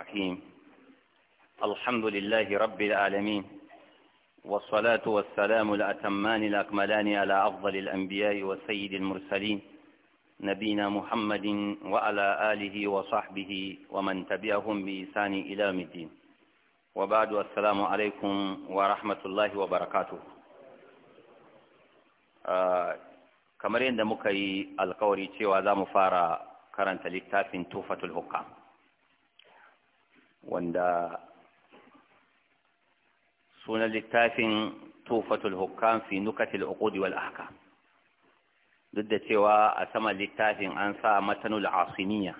الرحيم الحمد لله رب العالمين والصلاة والسلام الأتمان الأكملان على أفضل الأنبياء وسيد المرسلين نبينا محمد وعلى آله وصحبه ومن تبعهم بإحسان إلى مدين الدين وبعد السلام عليكم ورحمة الله وبركاته kamar yadda muka القوري alkawari cewa za mu fara karanta wanda sunan littafin tufatul hukam fi nukatil uqudi wal ahkam duk da cewa a saman littafin an sa matanul asimiya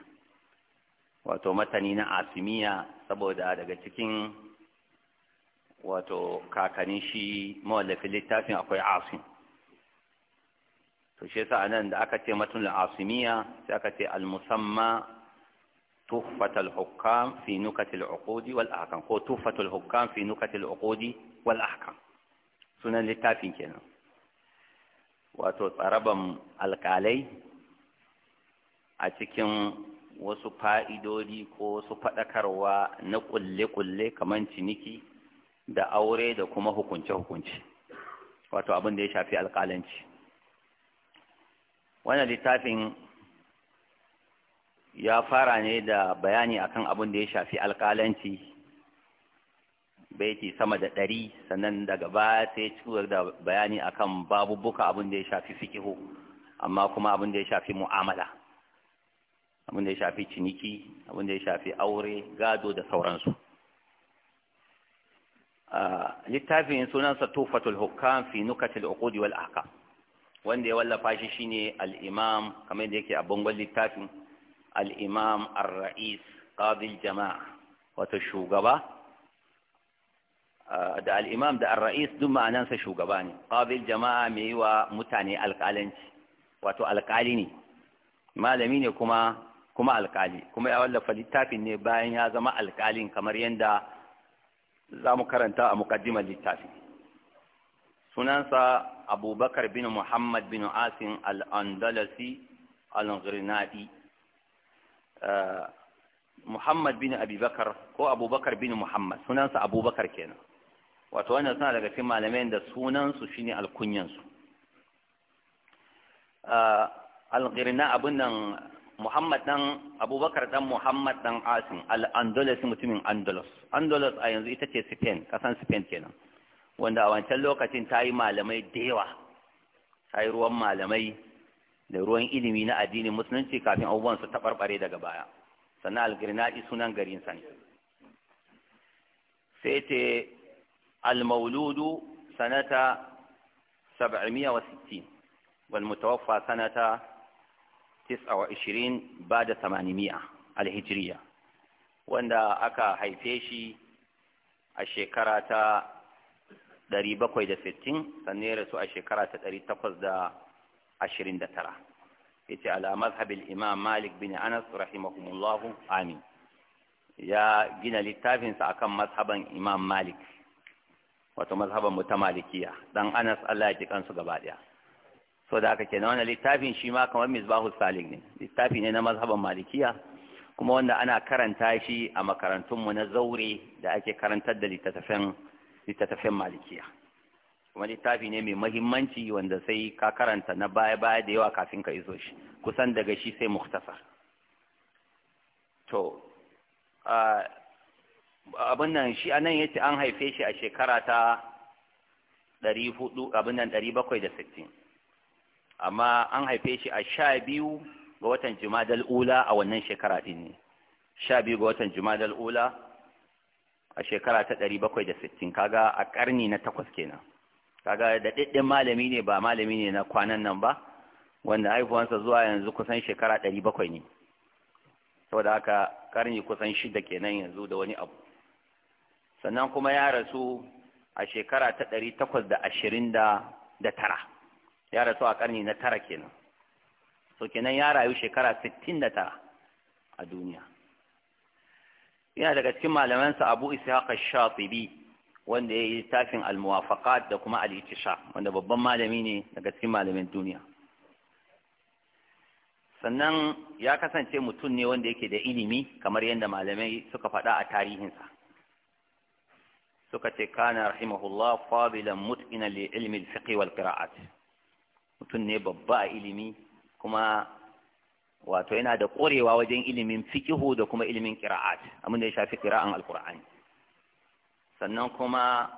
wato matani na asimiya saboda daga cikin wato kakanni shi mawallafin littafin akwai asim to shi yasa nan da aka ce matanul asimiya sai aka ce al-musamma tuhfatul hukam fi nukatil uqudi wal ahkam ko tuhfatul hukam fi nukatil uqudi wal ahkam sunan littafin kenan wato tsaraban alkalai a cikin wasu fa'idodi ko wasu faɗakarwa na ƙulle kulle kamar ciniki da aure da kuma hukunce-hukunce wato abin da ya shafi alkalanci wannan littafin ya fara ne da bayani akan abin da ya shafi alkalanci, baiti sama da ɗari sannan daga baya sai ciwar da bayani akan babubuka abin da ya shafi fikihu amma kuma abin da ya shafi mu'amala abin da ya shafi ciniki abin da ya shafi aure gado da sauransu littafin sunansa tufatul hukam fi nukatil uqudi wal ahkam wanda ya wallafa shi shine al-imam kamar yadda yake a bangon littafin al'imam al-ra'is ƙadil jama'a wata shugaba ah, da al'imam da al-ra'is duk ma'anansa shugaba ne ƙadil jama'a mai yi wa mutane alƙalanci wato alƙali ne malami ne kuma kuma alƙali kuma ya wallafa littafin ne bayan ya zama alƙalin kamar yadda za mu karanta a muƙaddimar littafi sunansa abubakar bin muhammad bin asin al-andalasi al Muhammad bin Abubakar ko Abubakar bin Muhammad sunansa Abubakar kenan wato wannan suna daga cikin malamai da sunansu shine alkunyansu al-ghirna abun nan Muhammad dan Abubakar dan Muhammad dan Asim al-Andalus mutumin Andalus Andalus a yanzu ita ce Spain kasan Spain kenan wanda a wancan lokacin ta yi malamai da yawa ta ruwan malamai da ruwan ilimi na addinin musulunci kafin abubuwan su taɓarɓare daga baya sannan algirnaɗi sunan garinsa ne sai ce almauludu sanata 760 والمتوفى sanata 29 بعد 800 الهجرية wanda aka haife shi a shekara ta 760 sannan ya rasu a shekara ta ashirin da tara ya ce ala mazhabin imam malik bin anas rahimahumullahu amin ya gina littafinsa akan mazhaban imam malik wato mazhaban mu ta malikiya dan anas Allah ya ji kansu gaba daya so da aka kenan wannan littafin shi ma kamar misbahu salik ne littafi ne na mazhaban malikiya kuma wanda ana karanta shi a makarantunmu na zaure da ake karantar da littattafan malikiya kuma littafi ne mai mahimmanci wanda sai ka karanta na baya-baya da yawa kafin ka iso shi kusan daga shi sai muktasar to abin nan shi anan yace an haife shi a shekara ta 400 abin nan 760 amma an haife shi a 12 ga watan Jumadal Ula a wannan shekara din ne 12 ga watan Jumadal Ula a shekara ta 760 kaga a karni na takwas kenan kaga da ɗiɗɗin malami ne ba malami ne na kwanan nan ba wanda haifuwansa zuwa yanzu kusan shekara ɗari bakwai ne saboda haka karni kusan shida kenan yanzu da wani abu sannan kuma ya rasu a shekara ta ɗari takwas da ashirin da tara ya rasu a karni na tara kenan so kenan ya rayu shekara sittin da tara a duniya yana daga cikin malamansa abu ishaq biyu. wanda ya yi littafin al da kuma al-ittisha wanda babban malami ne daga cikin malamin duniya sannan ya kasance mutum ne wanda yake da ilimi kamar yadda malamai suka faɗa a tarihinsa suka ce kana rahimahullah fadilan mut'ina li ilmi al wal qira'at mutum ne babba a ilimi kuma wato yana da ƙorewa wajen ilimin fiqihu da kuma ilimin qira'at abin da ya shafi qira'an al sannan kuma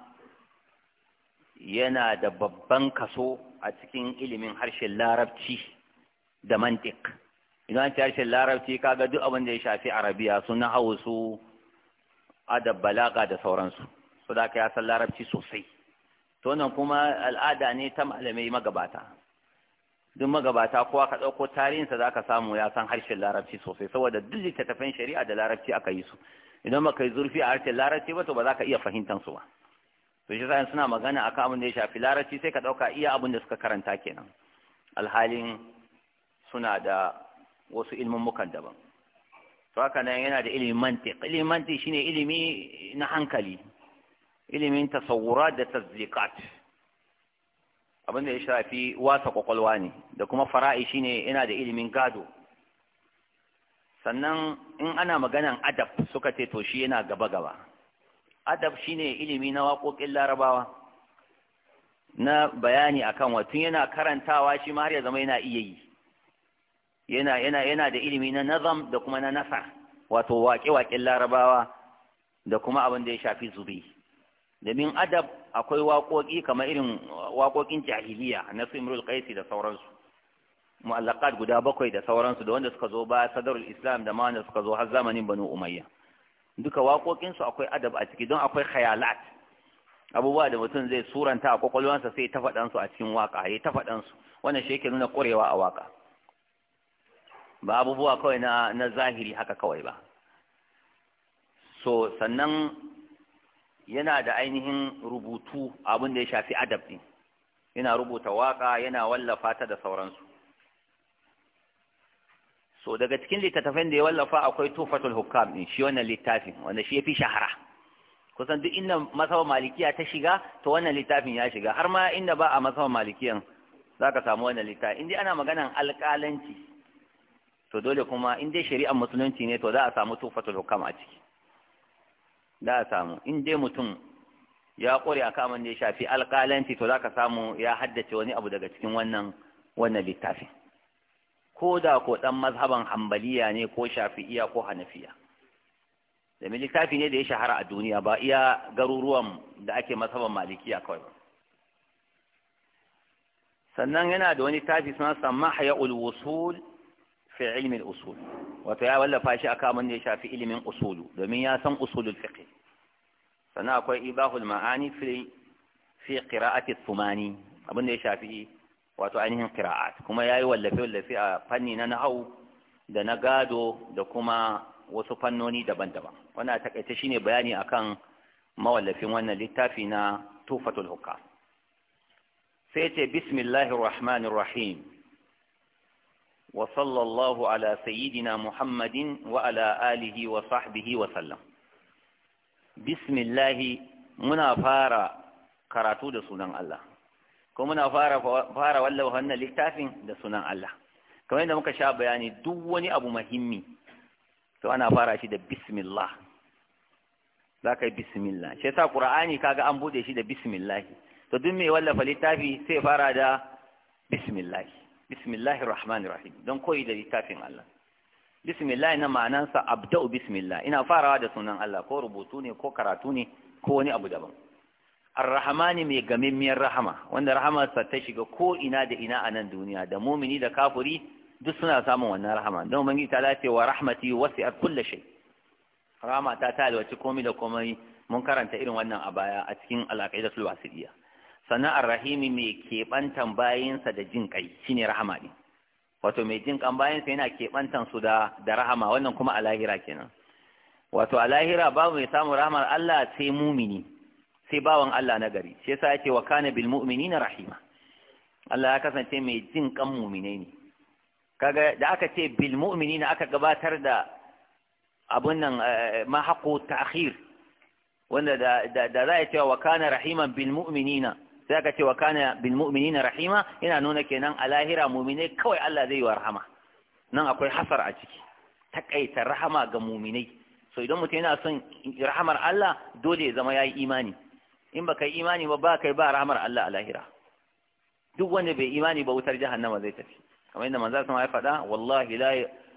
yana da babban kaso a cikin ilimin harshen larabci da mantik idan ce harshen larabci kaga duk abin da ya shafi arabiya su hau su adab balaga da sauransu su da ya san larabci sosai to nan kuma al'ada ne ta malamai magabata duk magabata kowa ka ɗauko tarihinsa za ka samu ya san harshen larabci sosai saboda duk littattafan shari'a da larabci aka yi su idan baka yi zurfi a harshen larabci ba to ba za ka iya fahimtar su ba to shi sai suna magana akan abin da ya shafi larabci sai ka dauka iya abin da suka karanta kenan alhalin suna da wasu ilmummukan daban to haka nan yana da ilimin mantiq ilimin mantiq shine ilimi na hankali ilimin tasawura da tazziqat abin da ya shafi wasa kwakwalwa ne da kuma fara'i shine yana da ilimin gado sannan in ana maganan adab suka ce to shi yana gaba-gaba adab shine ilimi na waƙoƙin larabawa na bayani akan watun yana karantawa shi ma har ya zama yana iya yi yana yana yana da ilimi na nazam da kuma na nasa wato waƙe-waƙen larabawa da kuma abin da ya shafi zubi domin adab akwai waƙoƙi kamar irin waƙoƙin jahiliya na su imrul da sauransu mu'allaqat guda bakwai da sauransu da wanda suka zo ba sadarul islam da ma suka zo har zamanin banu umayya duka waƙoƙinsu akwai adab a ciki don akwai khayalat abubuwa da mutum zai suranta a kwakwalwansa sai ta su a cikin waƙa ya ta su wannan shi yake nuna a waka ba abubuwa kawai na na zahiri haka kawai ba so sannan yana da ainihin rubutu abin da ya shafi adab ɗin yana rubuta waƙa yana wallafa ta da sauransu so daga cikin littattafin da ya wallafa akwai tufatul hukam din shi wannan littafin wanda shi ya fi shahara kusan duk inda masawa malikiya ta shiga to wannan littafin ya shiga har ma inda ba a masawa malikiyan ka samu wannan littafin indai ana maganan alƙalanci to dole kuma in dai shari'ar musulunci ne to za a samu tufatul hukam a ciki za a samu in dai mutum ya ƙware a kamar da ya shafi alƙalanci to za ka samu ya haddace wani abu daga cikin wannan wannan littafin ko da ko ɗan mazhaban hambaliya ne ko shafi'iya ko hanafiya domin littafi ne da ya shahara a duniya ba iya garuruwan da ake mazhaban malikiya kawai ba sannan yana da wani tafi suna samma haya ulwusul fi ilmin usul wato ya wallafa shi a kamun da ya shafi ilimin usulu domin ya san usulul fiqh sannan akwai ibahul ma'ani fi fi qira'ati thumani abin da ya shafi wato ainihin qira'at kuma ya yi wallafe wallafe a fanni na nahau da na gado da kuma wasu fannoni daban-daban wannan takaice shine bayani akan mawallafin wannan littafi na tufatul hukam sai ce bismillahir rahmanir rahim wa sallallahu ala sayyidina muhammadin wa ala alihi wa sahbihi wa sallam bismillahi muna fara karatu da sunan Allah ko muna fara fara wallahu wannan littafin da sunan Allah kamar yadda muka sha bayani duk wani abu muhimmi to ana fara shi da bismillah za ka yi bismillah sai sa qur'ani kaga an bude shi da bismillah to duk mai wallafa littafi sai fara da bismillah bismillahir rahmanir rahim don koyi da littafin Allah bismillah na ma'anansa abda'u bismillah ina farawa da sunan Allah ko rubutu ne ko karatu ne ko wani abu daban arrahmani mai gamimmiyar rahama wanda rahamarsa ta shiga ko ina da ina a nan duniya da mumini da kafuri duk suna samun wannan rahama don ubangiji ta lafi wa rahmati wasi'at kulli shay rahama ta ta alwaci komai da komai mun karanta irin wannan a baya a cikin al-aqidatul wasiliya sannan arrahimi mai kebantan bayinsa da jin kai shine rahama ne, wato mai jin kan bayansa yana kebantan su da da rahama wannan kuma a lahira kenan wato a lahira babu mai samun rahamar Allah sai mumini sai bawan Allah na gari shi yasa yake wa kana bil mu'minina rahima Allah ya kasance mai jin kan mu'mine ne kaga da aka ce bil mu'minina aka gabatar da abun nan eh, eh, ma haqu ta'khir wanda da da za ya ce wa kana rahiman bil mu'minina sai aka ce wa kana bil mu'minina rahima yana nuna kenan a lahira mu'mine kawai Allah zai yi wa rahama nan akwai hasar a ciki takaita rahama ga mu'minai so idan mutum yana son rahamar Allah dole ya zama yayi imani in baka imani ba baka ba rahmar Allah a lahira duk wanda bai imani ba wutar jahannama zai tafi kamar yadda manzo sama ya faɗa wallahi la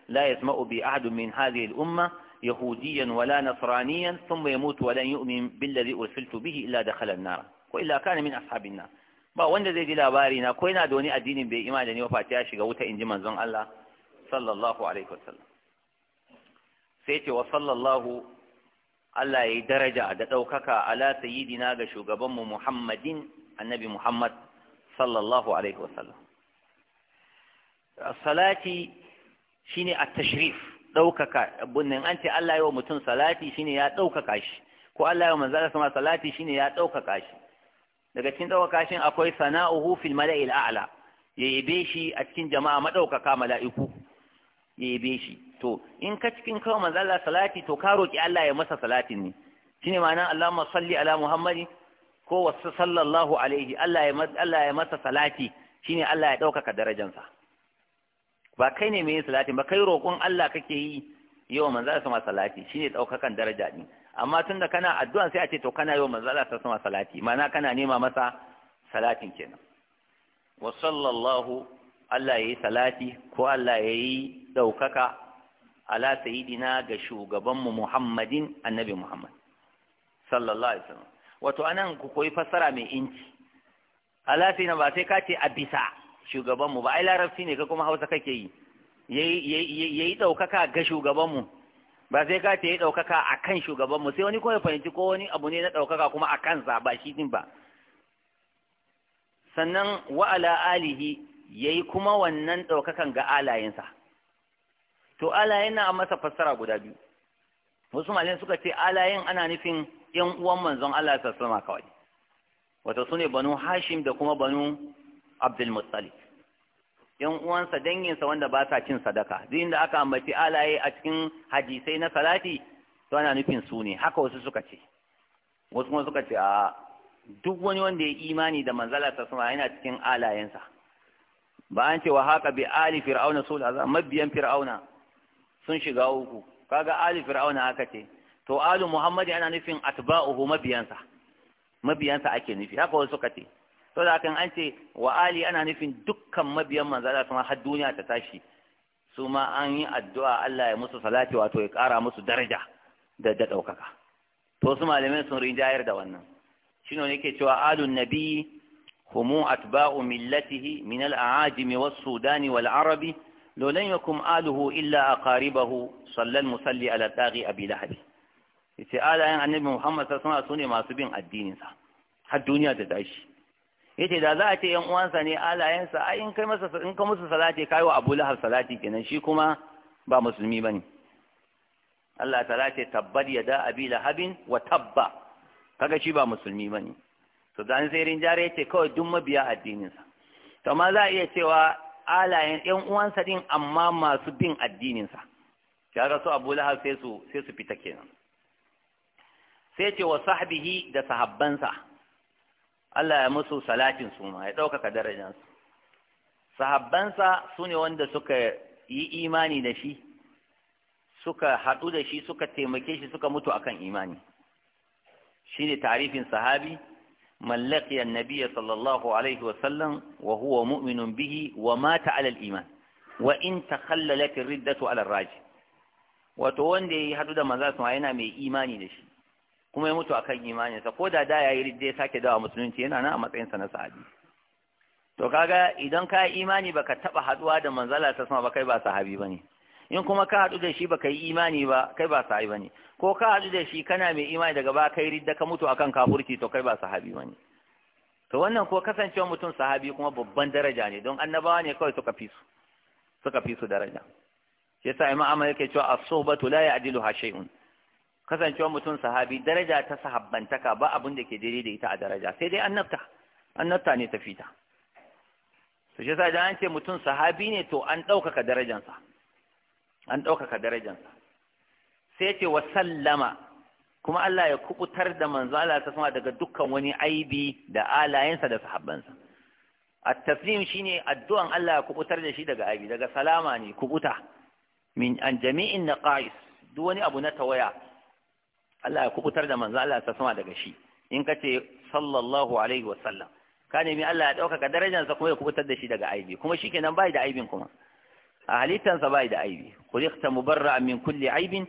la yasma'u bi ahadun min hadhihi al-umma yahudiyan wala nasraniyan thumma yamut wa lan yu'min billadhi ursiltu bihi illa dakhala an-nar ko illa kana min ashabin nar ba wanda zai ji labari na ko yana da wani addini bai imani da ni ba fa ta shiga wuta inji manzon Allah sallallahu alaihi wasallam sai ce wa sallallahu Allah ya yi daraja da ɗaukaka ala sayidina ga shugabanmu Muhammadin annabi Muhammad sallallahu alaihi wasallam. Salati shi ne a tashrif ɗaukaka, bunnin an ce Allah yi wa mutum salati shi ne ya ɗaukaka shi, ko Allah yi wa manzara sama salati shi ne ya ɗaukaka shi. Daga cikin ɗaukaka shi akwai sana'uhu fil mala'il a'la, ya yabe shi a cikin jama'a maɗaukaka mala'iku, ya yabe shi. to in ka cikin kawai manzo Allah salati to ka roki Allah ya masa salatin ne shine ma'ana Allahumma salli ala Muhammadi ko wasu sallallahu alaihi Allah ya Allah ya masa salati shine Allah ya ɗaukaka darajansa ba kai ne mai salati ba kai roƙon Allah kake yi yau manzo Allah sama salati shine ɗaukakan daraja ne amma tunda kana addu'a sai a ce to kana yau manzo Allah sama salati ma'ana kana nema masa salatin kenan wa sallallahu Allah yi salati ko Allah ya yi ɗaukaka ala sayidina ga shugabanmu muhammadin annabi muhammad sallallahu alaihi wasallam wato anan ku koyi fassara mai inci ala sayidina ba sai ka ce a bisa shugabanmu ba ai larabci ne ka kuma hausa kake yi yayi ɗaukaka ga shugabanmu ba sai ka ce yayi ɗaukaka akan shugabanmu sai wani ya fahimci ko wani abu ne na ɗaukaka kuma a kansa ba shi din ba sannan wa'ala alihi yayi kuma wannan ɗaukakan ga alayensa to ala yana an masa fassara guda biyu wasu malin suka ce yin ana nufin yan uwan manzon Allah sama kawai wato su banu hashim da kuma banu abdulmuttalib yan uwansa danginsa wanda ba sa cin sadaka duk inda aka ambaci alaye a cikin hadisai na salati to ana nufin su ne haka wasu suka ce wasu kuma suka ce a duk wani wanda ya imani da manzala ta sama yana cikin alayensa ba an ce wa haka bi ali fir'auna sulaza mabiyan fir'auna sun shiga uku kaga ali fir'auna aka ce to alu muhammadi ana nufin atba'uhu mabiyansa mabiyansa ake nufi haka wasu suka ce to da kan an ce wa ali ana nufin dukkan mabiyan manzo Allah kuma har duniya ta tashi su ma an yi addu'a Allah ya musu salati wato ya ƙara musu daraja da da ɗaukaka to su malamai sun rinjayar da wannan shine ne yake cewa alun nabi humu atba'u millatihi min al-aajim was-sudani wal-arabi لو لم يكن آله إلا أقاربه صلى المصلي على الطاغي أبي لهب yace alayen annabi Muhammad sallallahu alaihi wasallam masu bin addinin sa har duniya da tashi yace da za a ce yan uwansa ne alayen sa ai in kai masa in ka musu salati kai wa Abu Lahab salati kenan shi kuma ba musulmi bane Allah ta'ala ce tabbar yada abi lahabin wa tabba kaga shi ba musulmi bane to dan sai rinjare yace kawai duk mabiya addinin sa to ma za a iya cewa alayen ɗan uwansa din amma masu bin addininsa kaga su Abu Lahab sai su sai su fita kenan sai ce wa sahbihi da sahabbansa Allah ya musu salatin su ma ya ɗaukaka darajansu sahabbansa sune wanda suka yi imani da shi suka hadu da shi suka taimake shi suka mutu akan imani shine tarifin sahabi من لقي النبي صلى الله عليه وسلم وهو مؤمن به ومات على الإيمان وإن تخللت الردة على الراجع وتوان دي حدود مزاس معينة من إيماني دشي kuma ya mutu akan imaninsa ko da da yayi ridda ya sake dawa musulunci yana nan a matsayinsa na sahabi to kaga idan kayi imani baka taɓa haduwa da manzala ta sama ba kai ba sahabi ne. in kuma ka haɗu da shi baka yi imani ba kai ba sahabi bane ko ka haɗu da shi kana mai imani daga ba kai ridda ka mutu akan kafurci to kai ba sahabi bane to wannan ko kasancewa mutum sahabi kuma babban daraja ne don annabawa ne kawai suka fi su suka fi su daraja shi yasa imam amma yake cewa as-suhbatu la ha shay'un kasancewa mutum sahabi daraja ta sahabbantaka ba abin da ke daidai da ita a daraja sai dai annabta annabta ne ta fita to shi yasa idan an ce mutum sahabi ne to an ɗaukaka darajansa an ɗaukaka darajansa sai ce wa sallama kuma Allah ya kubutar da manzo Allah ta sama daga dukkan wani aibi da alayensa da sahabbansa A taslim shi ne addu'an Allah ya kubutar da shi daga aibi daga salama ne kubuta min an jami'in naqais duk wani abu na tawaya Allah ya kubutar da manzo Allah ta sama daga shi in ka ce sallallahu alaihi wa sallam ka nemi Allah ya ɗaukaka darajansa kuma ya kubutar da shi daga aibi kuma shi shikenan bai da aibin kuma a halittansa bai da aibi khuliqta mubarra'an min kulli aibin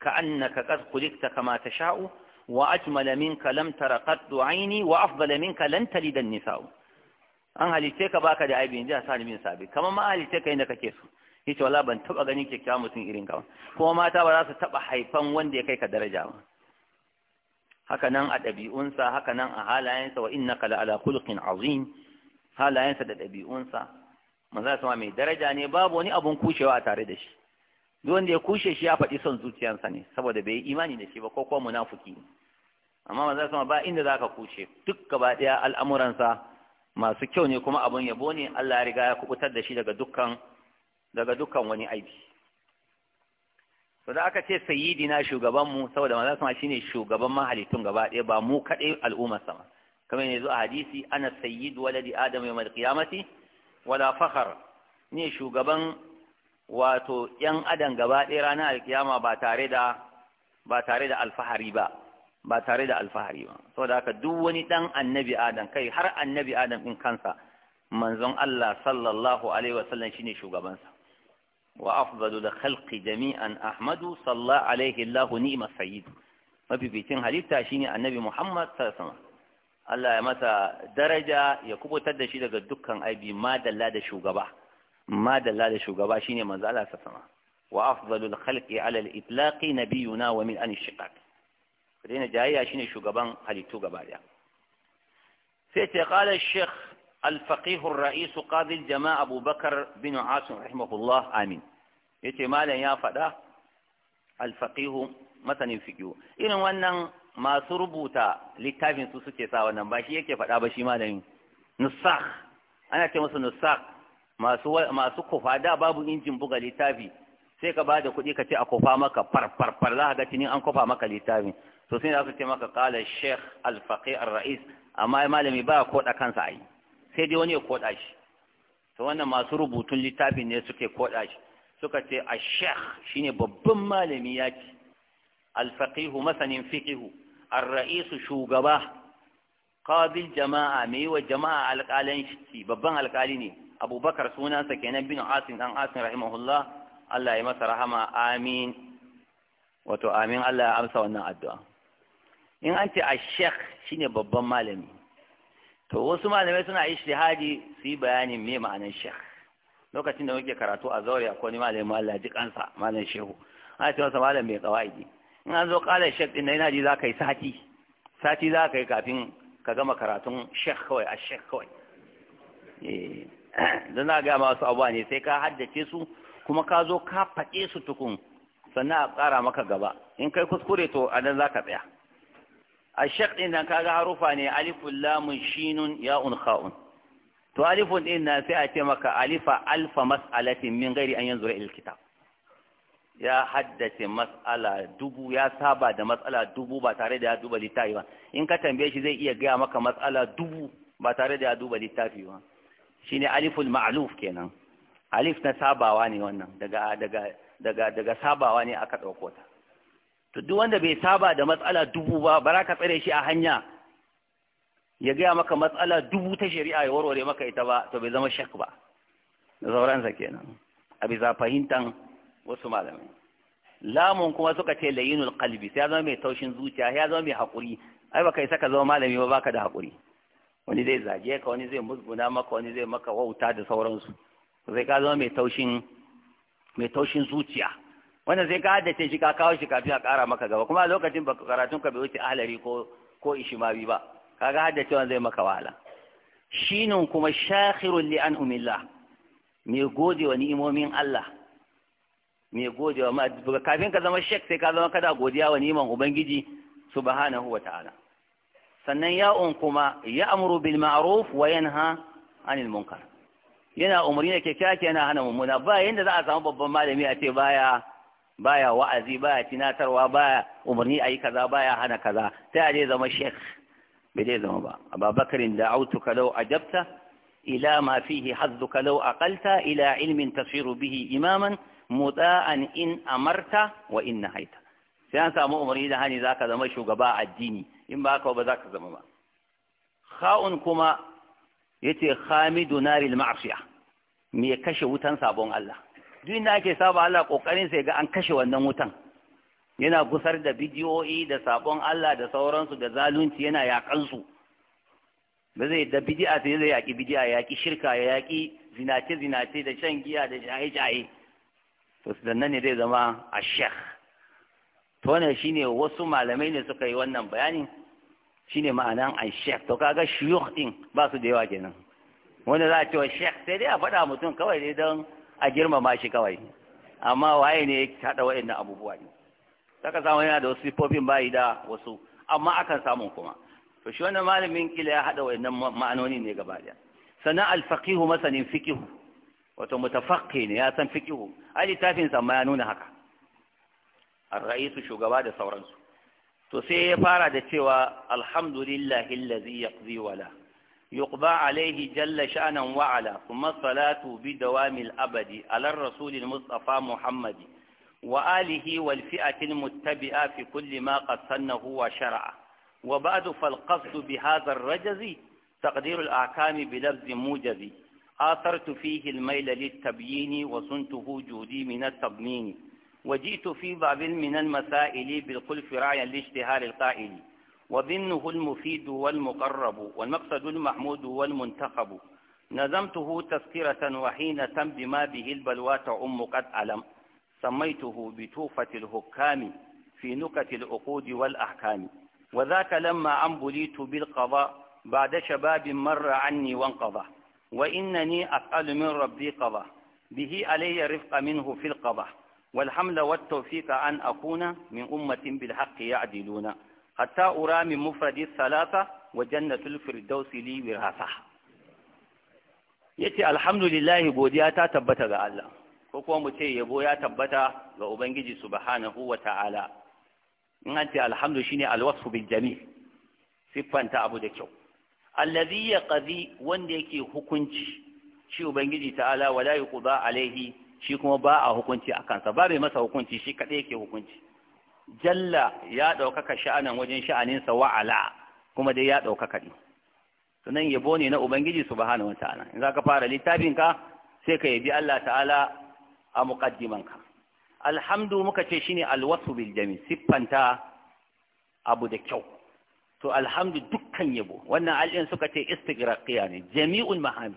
ka annaka qad khuliqta kama tasha'u wa ajmala minka lam tara aini wa afdala minka lan talida nisa'u an halitte ka baka da aibi inji Hassan bin Sabit kamar ma halitte ka inda kake so yace wala ban taba ganin kyakkyawan mutum irin ka kuma mata ba za su taba haifan wanda ya kai ka daraja ba haka nan a ɗabi'unsa haka nan a halayensa wa innaka la ala khuluqin azim halayensa da ɗabi'unsa manzo sama mai daraja ne babu wani abun kushewa tare da shi duk wanda ya kushe shi ya faɗi son zuciyarsa ne saboda bai yi imani da shi ba ko kuma munafuki ne amma manzo sama ba inda ka kushe duk gaba ɗaya al'amuransa masu kyau ne kuma abun yabo ne Allah ya riga ya kubutar da shi daga dukkan daga dukkan wani aiki. saboda da aka ce sayyidina shugabanmu saboda manzo sama shine shugaban mahalittun gaba ɗaya ba mu kaɗai al'umma sama kamar yanzu a hadisi ana sayyidu waladi Adamu yawmal qiyamati wala fakhar ne shugaban wato yan adam gaba ɗaya ranar alkiyama ba tare da alfahari ba ba tare da alfahari ba saboda haka duk wani dan annabi adam kai har annabi adam in kansa manzon Allah sallallahu alaihi wasallam shine shugabansa wa afdalu da khalqi jami'an ahmadu sallallahu alaihi Allah ni'ma sayyid mafificin halitta shine annabi Muhammad sallallahu alaihi Allah ya masa daraja ya kubutar da shi daga dukkan aibi madalla da shugaba madalla da shugaba shine manzo Allah sa sama wa afdalul khalqi ala al-itlaqi nabiyuna wa min an shiqaq kudina jayya shine shugaban halittu gaba daya sai ce qala al-sheikh al-faqih ar-ra'is qadi al-jama'a Abu Bakar bin Asim rahimahullah amin yace malam ya fada al-faqih masanin fiqh irin wannan masu rubuta littafin su suke sa wannan ba shi yake faɗa ba shi malami. nusakh ana ce musu nusakh masu masu kufa da babu injin buga littafi sai ka ba da kuɗi ka ce a kufa maka farfarfar za ka ga tinin an kufa maka littafin to sai za su ce maka qala shek al-faqih ar-ra'is amma malami ba koda kansa ai sai dai wani ya koda shi to wannan masu rubutun littafin ne suke koda shi suka ce a sheikh shine babban malami ya alfaqihu masanin fiqihu arra'isu shugaba qabil jama'a mai wa jama'a alƙalan shi babban alƙali ne abubakar sunansa kenan bin asin dan asin rahimahullah Allah ya masa rahama amin wato amin Allah ya amsa wannan addu'a in an ce ash-sheikh shine babban malami to wasu malamai suna ishtihadi su yi bayanin me ma'anar shekh. lokacin da muke karatu a zaure a wani malamin Allah ji kansa malam shehu ana ce masa malam mai kawaidi in an zo kala shek din yana ji za ka yi sati sati za ka yi kafin ka gama karatun shek kawai a shek kawai eh, don za ga masu abuwa ne sai ka haddace su kuma ka zo ka faɗe su tukun sannan a ƙara maka gaba in kai kuskure to a nan za ka tsaya a shek ɗin nan kaga harufa ne alifun lamun shinun ya'un kha'un to alifun ɗin nan sai a ce maka alifa alfa mas'alatin min gairi an yanzu ra'il kitab ya haddace matsala dubu ya saba da matsala dubu ba tare da ya duba littafi ba in ka tambaye shi zai iya gaya maka matsala dubu ba tare da ya duba littafi ba shine aliful ma'luf kenan alif na sabawa ne wannan daga daga daga daga sabawa ne aka dauko ta to duk wanda bai saba da matsala dubu ba bara ka tsare shi a hanya ya gaya maka matsala dubu ta shari'a ya warware maka ita ba to bai zama shak ba da sauransa kenan a za fahimtan wasu malamai lamun kuma suka ce layinul qalbi sai ya zama mai taushin zuciya ya zama mai hakuri ai baka isa ka zama malami ba baka da hakuri wani zai zage ka wani zai musguna maka wani zai maka wauta da sauransu sai ka zama mai taushin mai taushin zuciya wannan sai ka haddace shi ka kawo shi kafin a ƙara maka gaba kuma a lokacin baka karatun ka bai wuce ahlari ko ko ishimawi ba kaga haddace wannan zai maka wahala shinun kuma shakhirul li an umillah mai gode wa ni'imomin Allah mai godewa ma kafin ka zama shek sai ka zama kada godiya wa niman ubangiji subhanahu wata'ala sannan ya'un kuma ya amuru bil ma'ruf wa yanha anil munkar yana umarni da kyakkyawa yana hana mummuna ba yanda za a samu babban malami a ce baya baya wa'azi baya tinatarwa baya umarni ayi kaza baya hana kaza sai dai zama shek bai dai zama ba da da'autuka law ajabta ila ma fihi hazzuka law aqalta ila ilmin tasiru bihi imaman mutsa'an in amarta wa in haita. sai an samu umarni da hani zaka zama shugaba a addini in ba ka ba zaka zama ba kha'un kuma yace khamidu naril ma'siya me kashe wutan sabon Allah duk inda ake saba Allah kokarin sai ga an kashe wannan wutan yana gusar da bidiyoyi da sabon Allah da sauransu da zalunci yana yakan su ba zai da bidi'a sai zai yaki bidi'a yaki shirka yaki zinace zinace da shan giya da shaye shaye to sannan ne zai zama a shek to shi shine wasu malamai ne suka yi wannan bayanin ne ma'anan a shek to kaga shuyukh din ba su da yawa kenan wanda za a ce wa shek sai dai a faɗa mutum kawai dai don a girmama shi kawai amma waye ne ya haɗa waɗannan abubuwa ne saka samu yana da wasu sifofin bayi da wasu amma akan samu kuma to shi wannan malamin kila ya haɗa waɗannan ma'anoni ne gaba ɗaya sannan alfaqihu masanin fiqihu wato mutafaqqi ne ya san fiqihu a littafin sa ma ya nuna haka ar-ra'isu shugaba da sauransu to sai ya fara da cewa alhamdulillahi allazi yaqdi wala yuqba alayhi jalla sha'nan wa ala kuma salatu bi dawami al abadi ala rasulil mustafa muhammadi wa alihi wal fi'atil muttabi'a fi kulli ma qassannahu wa shar'a wa ba'du fal qasd bi hadha ar-rajzi تقدير الأحكام بلفظ موجز آثرت فيه الميل للتبيين وصنته جودي من التضمين وجئت في باب من المسائل بالخلف راعيا لاشتهار القائل وظنه المفيد والمقرب والمقصد المحمود والمنتخب نظمته تذكرة وحينة بما به البلوى تعم قد ألم سميته بتوفة الحكام في نكت العقود والأحكام وذاك لما أنبليت بالقضاء بعد شباب مر عني وانقضى وإنني أسأل من ربي قضاء به علي رفق منه في القضاء والحمل والتوفيق أن أكون من أمة بالحق يعدلون حتى أرى من مفرد الثلاثة وجنة الفردوس لي وراثة alhamdu lillahi godiya ta tabbata ga Allah ko kuma mu ce yabo ya tabbata ga ubangiji subhanahu wata'ala in an ce alhamdu shine alwasfu bil jamil siffanta abu da kyau alladhi yaqdi wanda yake hukunci shi ubangiji ta'ala wala yuqda alaihi shi kuma ba a hukunci a kansa ba mai masa hukunci shi kadai yake hukunci jalla ya ɗaukaka sha'anan wajen sha'aninsa wa'ala kuma dai ya ɗaukaka ne sunan yabo ne na ubangiji subhanahu wataala in zaka fara littafin ka sai ka yabi Allah ta'ala a muqaddiman ka alhamdu muka ce shine alwasu bil jami siffanta abu da kyau to alhamdu dukkan yabo wannan al'in suka ce istigraqiya ne jami'ul mahami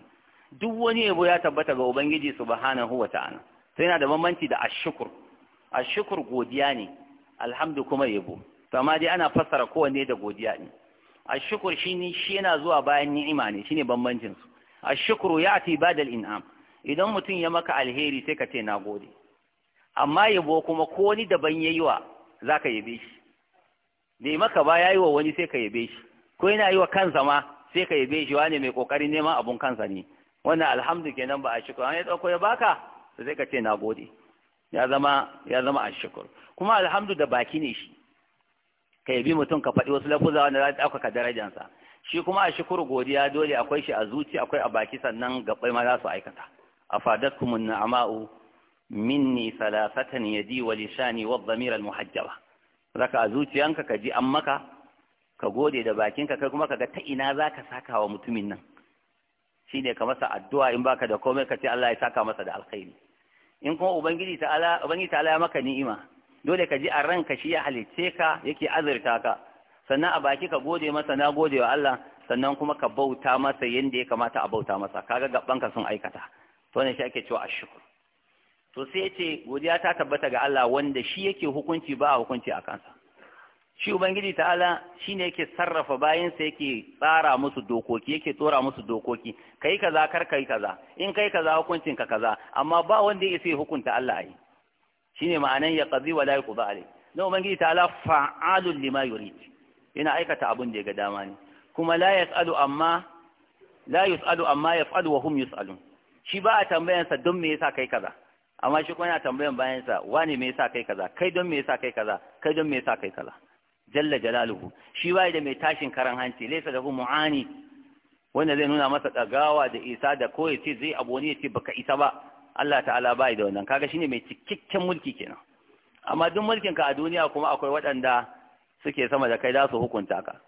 duk wani yabo ya tabbata ga ubangiji subhanahu wata'ala sai yana da bambanci da ashukur ashukur godiya ne alhamdu kuma yabo to amma dai ana fassara kowanne da godiya ne ashukur shine shi yana zuwa bayan ni'ima ne shine bambancin su ashukru ya'ti badal in'am idan mutum ya maka alheri sai ka ce nagode amma yabo kuma ko wani daban yayi wa zaka yabe shi me maka ba yi wa wani sai ka yabe shi ko yana yi wa kansa ma sai ka yabe shi wani mai kokarin neman abun kansa ne wannan alhamdu kenan ba a shukur an ya ya baka sai ka ce na ya ya zama a shukur kuma alhamdu da baki ne shi ka yabi mutum ka faɗi wasu lafuza wanda za ta ɗaukaka darajansa shi kuma a shukuru godiya dole akwai shi a zuci akwai a baki sannan gaɓai ma za su aikata a fadatkumun na'ama'u minni salasatan yadi wa lisani wa zamirar muhajjaba zaka a zuciyanka ka ji an maka ka gode da bakinka kai kuma kaga ta ina zaka saka wa mutumin nan Shi ne ka masa addu'a in baka da komai ka ce Allah ya saka masa da alkhairi in kuma ubangiji ta'ala ubangiji ta'ala ya maka ni'ima dole ka ji a ranka shi ya halicce ka yake azurta ka sannan a baki ka gode masa na gode wa Allah sannan kuma ka bauta masa yanda ya kamata a bauta masa kaga gaban ka sun aikata to ne shi ake cewa ashkur to sai ya ce godiya ta tabbata ga Allah wanda shi yake hukunci ba a hukunci a kansa shi ubangiji ta'ala shi ne yake sarrafa bayansa yake tsara musu dokoki yake tsora musu dokoki kai kaza kar kai kaza in kai kaza hukuncin ka kaza amma ba wanda yake sai hukunta Allah ai ne ma'anan ya qadi wa la yuqda alai Na ubangiji ta'ala fa'alul lima yurid yana aikata abun da ya ga dama ne kuma la yasalu amma la yusalu amma yaf'alu wa hum yusalun shi ba a tambayansa don me yasa kai kaza amma shi kuma yana tambayan bayan sa wani me yasa kai kaza kai don me yasa kai kaza kai don me yasa kai kaza jalla jalaluhu shi bai da mai tashin karan hanci laysa lahu mu'ani wanda zai nuna masa dagawa da isa da ko ce zai abu ce ba baka isa ba Allah ta'ala bai da wannan kaga shine mai cikakken mulki kenan amma duk mulkin ka a duniya kuma akwai waɗanda suke sama da kai za su hukunta ka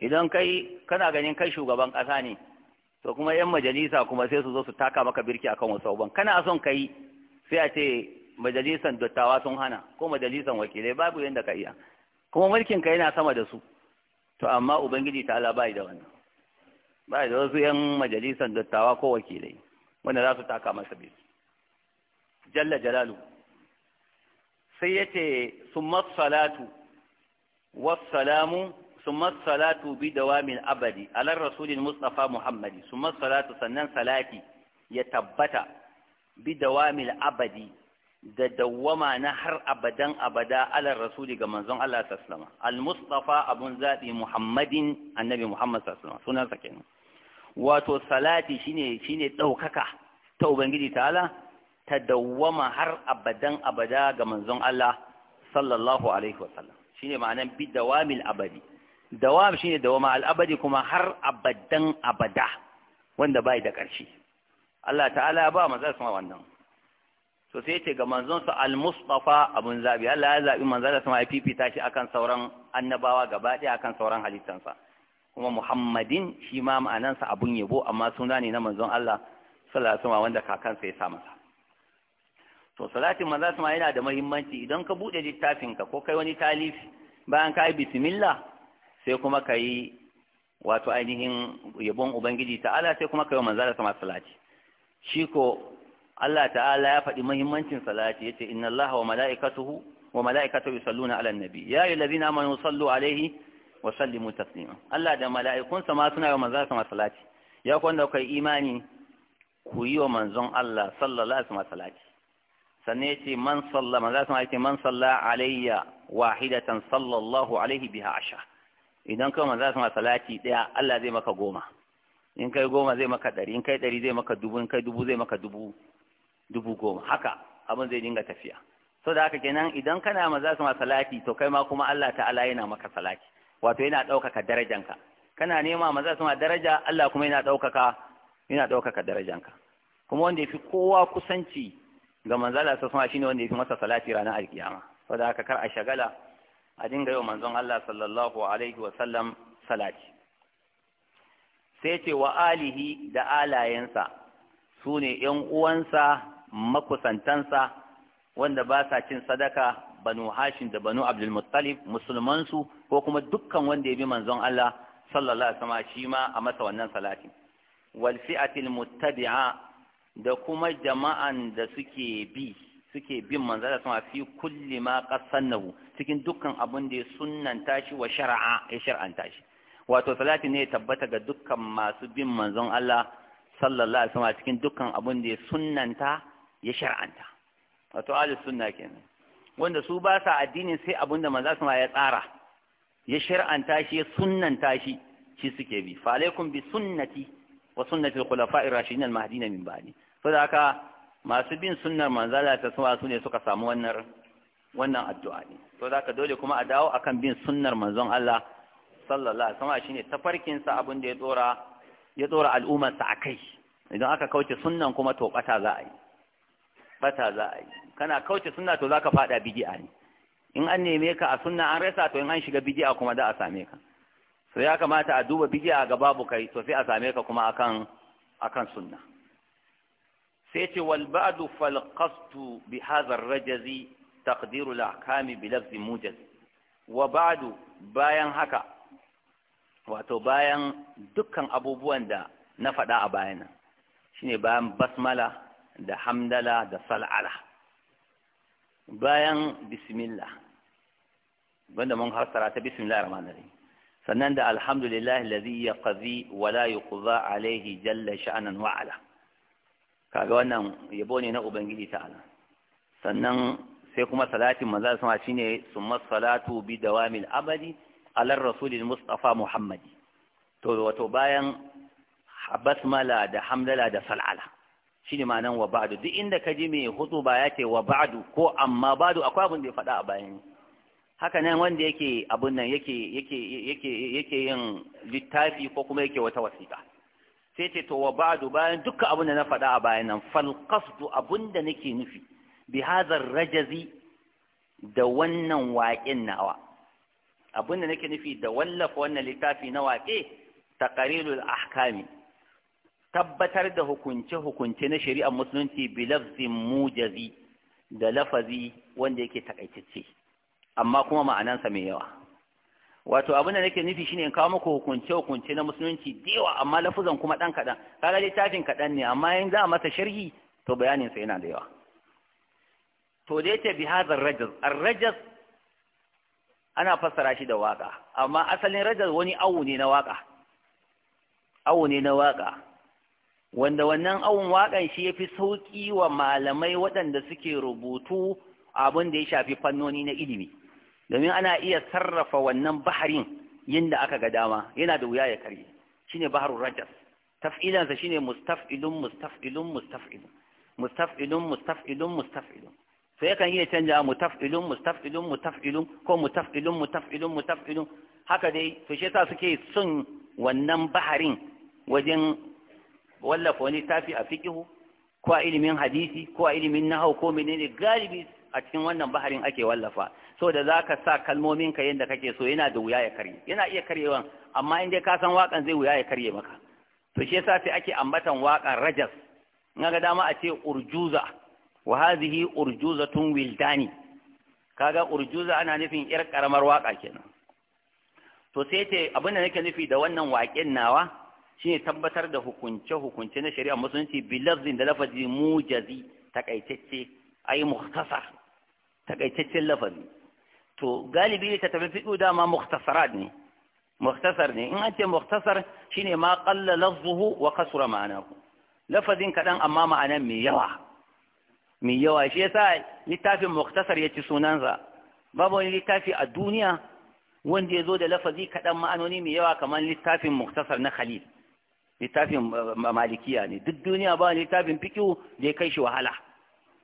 idan kai kana ganin kai shugaban ƙasa ne to kuma yan majalisa kuma sai su zo su taka maka birki akan wasu abubuwan kana son ka yi sai a ce majalisan dattawa sun hana ko majalisan wakilai babu yadda ka iya kuma mulkin ka yana sama da su to amma ubangiji ta ala bai da wannan bai da wasu yan majalisan dattawa ko wakilai wanda za su taka masa birki jalla jalalu sai yace summa salatu salamu. ثم الصلاة بدوام الأبد على الرسول المصطفى محمد ثم الصلاة سنن صلاتي يتبت بدوام الأبد da dawwama na har abadan abada alar rasuli ga manzon Allah sallama al abun zabi muhammadin annabi muhammad kenan wato salati shine shine daukaka ta ubangiji ta'ala ta dawwama har abadan abada ga manzon Allah sallallahu alaihi wasallam shine ma'anan bi dawamil abadi dawam shine dawama al'abadi kuma har abadan abada wanda bai da ƙarshe Allah ta'ala ba manzon sama wannan to sai yace ga manzon sa al-mustafa abun zabi Allah ya zabi manzon sama ya fifita shi akan sauran annabawa gaba ɗaya akan sauran halittansa kuma muhammadin shi ma ma'anansa abun yabo amma suna ne na manzon Allah sallallahu alaihi wasallam wanda kakansa ya sa masa to salatin manzon sama yana da muhimmanci idan ka bude ka ko kai wani talifi bayan ka yi bismillah sai kuma ka yi wato ainihin yabon ubangiji ta'ala sai kuma ka yi manzala sama salati shi ko Allah ta'ala ya faɗi muhimmancin salati Ya ce, inna Allah wa mala'ikatuhu wa mala'ikatuhu yusalluna 'alan nabi ya ayyuhallazina amanu sallu 'alaihi wa sallimu taslima Allah da mala'ikunsa ma suna yi wa manzara sama salati ya ku da kai imani ku yi wa manzon Allah sallallahu alaihi wa salati sannan ya ce man salla manzara sama yace man salla alayya wahidatan sallallahu alaihi biha ashar idan kai manzo sama salati daya Allah zai maka goma in kai goma zai maka ɗari in kai ɗari zai maka dubu in kai dubu zai maka dubu dubu goma haka abin zai dinga tafiya so da haka kenan idan kana maza sama salati to kai ma kuma Allah ta'ala yana maka salati wato yana ɗaukaka darajanka kana nema maza sama daraja Allah kuma yana daukaka yana ɗaukaka darajanka kuma wanda yafi kowa kusanci ga manzala sa sama shine wanda yafi masa salati ranar alkiyama saboda haka kar a shagala a dinga yau manzon Allah sallallahu alaihi wasallam salati sai ce wa alihi da alayensa sune ne ‘yan uwansa makusantansa wanda ba sa cin sadaka banu hashin da banu abdulmuttalib musulmansu ko kuma dukkan wanda ya bi manzon Allah sallallahu alaihi wasallam shi ma a masa wannan salati wal fi'atil muttabi'a da kuma jama'an da suke bi suke bin manzala sama fi kulli ma qasannahu cikin dukkan abun da ya sunanta shi wa shar'a ya shar'anta shi wato salati ne ya tabbata ga dukkan masu bin manzon Allah sallallahu alaihi wasallam cikin dukkan abun da ya sunanta ya shar'anta wato ahlus sunna kenan wanda su ba sa addinin sai abun da manzon sama ya tsara ya shar'anta shi ya sunanta shi shi suke bi fa alaikum bi sunnati wa sunnati al-khulafa'ir rashidin al-mahdina min ba'di saboda haka masu bin sunnar manzala ta suwa su ne suka samu wannan wannan addu'a ne to zaka dole kuma a dawo akan bin sunnar manzon Allah sallallahu alaihi wasallam shine tafarkin sa abin da ya dora ya dora al'ummar sa akai idan aka kauce sunnan kuma to bata za a yi bata za a yi kana kauce sunna to zaka fada bid'a ne in an neme ka a sunna an rasa to in an shiga bid'a kuma da a same ka so ya kamata a duba bid'a ga babu kai to sai a same ka kuma akan akan sunna sai ce wal falkastu fal bi hadha rajazi taqdiru al ahkami bi lafzi mujaz wa ba'du bayan haka wato bayan dukkan abubuwan da na faɗa a bayan shine bayan basmala da hamdala da sal'ala bayan bismillah wanda mun hasara ta bismillahir rahmanir rahim sannan da alhamdulillahi allazi yaqzi wa la yuqza alayhi jalla sha'nan wa ala kaga wannan yabo ne na ubangiji ta'ala sannan sai kuma salatin manzo ma shine summa salatu bi dawamil abadi ala rasulil mustafa muhammadi to wato bayan basmala da hamdala da sal'ala shine ma'anan wa ba'du duk inda ka ji mai ba ya ce wa ba'du ko amma ba'du akwai abin da ya faɗa a bayan haka nan wanda yake abun nan yake yake yake yake yin littafi ko kuma yake wata wasiƙa sai ce to wa ba'du bayan dukkan abin da na faɗa a bayan nan fal abin da nake nufi bi hadhar rajazi da wannan waƙin nawa abin da nake nufi da wallafa wannan littafi na waƙe taqarirul ahkami tabbatar da hukunce hukunce na shari'ar musulunci bi lafzin mujazi da lafazi wanda yake takaitacce amma kuma ma'anansa mai yawa wato abin da nake nufi shine in kawo muku hukunce hukunce na musulunci dewa amma lafuzan kuma dan kadan kaga littafin kadan ne amma in za a masa sharhi to bayanin sa yana da yawa to dai ta bi hadar rajaz ar ana fassara shi da waka amma asalin rajaz wani awu ne na waka awu ne na waka wanda wannan awun wakan shi yafi sauki wa malamai waɗanda suke rubutu abin da ya shafi fannoni na ilimi domin ana iya sarrafa wannan baharin yadda aka ga dama yana da wuya ya karye shine baharun rajas taf'ilansa shine mustaf'ilun mustaf'ilun mustaf'ilun mustaf'ilun mustaf'ilun mustaf'ilun sai yakan iya canja mutaf'ilun mustaf'ilun mutaf'ilun ko mutaf'ilun mutaf'ilun mutaf'ilun haka dai to shi yasa suke son wannan baharin wajen wallafa wani tafi a fiqhu ko a ilimin hadisi ko a ilimin nahau ko menene galibi a cikin wannan baharin ake wallafa so da za ka sa kalmomin ka yadda kake so yana da wuya ya karye yana iya karyewan amma in dai ka san waƙan zai wuya ya karye maka to shi yasa sai ake ambatan waƙan rajas in ga dama a ce urjuza wa hadhihi urjuzatun wildani kaga urjuza ana nufin yar karamar waƙa kenan to sai ce abin da nake nufi da wannan waƙen nawa shine tabbatar da hukunce hukunce na shari'a musulunci bilafzin da lafazi mujazi takaitacce ai muhtasar takaitaccen lafazi to galibi ta tafi fiɗo dama mukhtasarat ne mukhtasar ne in an ce Muktasar shine ma qalla lafzuhu wa kasura ma'anahu lafazin kaɗan amma ma'anan mai yawa mai yawa shi yasa littafin Muktasar ya ci sunansa babu wani littafi a duniya wanda ya zo da lafazi kaɗan ma'anoni mai yawa kamar littafin mukhtasar na khalil littafin eh, malikiya ne duk duniya bani littafin fiƙiu da ya kai shi wahala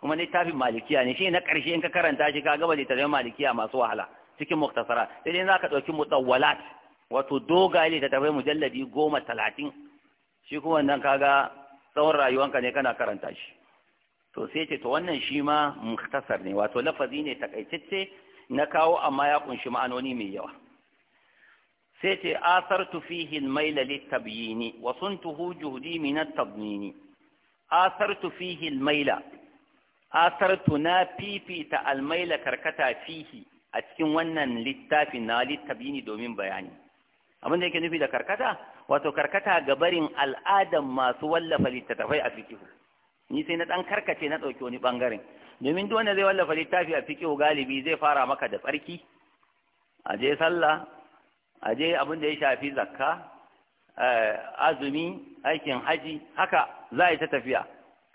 kuma littafin malikiya ne shi na ƙarshe in ka karanta shi ka gaba littafin malikiya masu wahala cikin muktasara sai dai za ka ɗauki mutawwalat wato dogaye litattafai mujalladi goma talatin shi kuma wannan kaga tsawon rayuwanka ne kana karanta shi to sai ce to wannan shi ma muktasar ne wato lafazi ne takaitacce na kawo amma ya kunshi ma'anoni mai yawa sai ce asartu fihi al-maila lit-tabyini wa suntuhu tabnini asartu fihi maila asartu na fifita almaila karkata fihi a cikin wannan littafin na littabini domin bayani abin da yake nufi da karkata wato karkata ga barin al'adan masu wallafa littattafai a fikihu ni sai na dan karkace na ɗauki wani bangaren. domin duk wanda zai wallafa littafi a fikihu galibi zai fara maka da tsarki a je sallah a je abin da ya shafi zakka eh, azumi aikin haji haka za a yi ta tafiya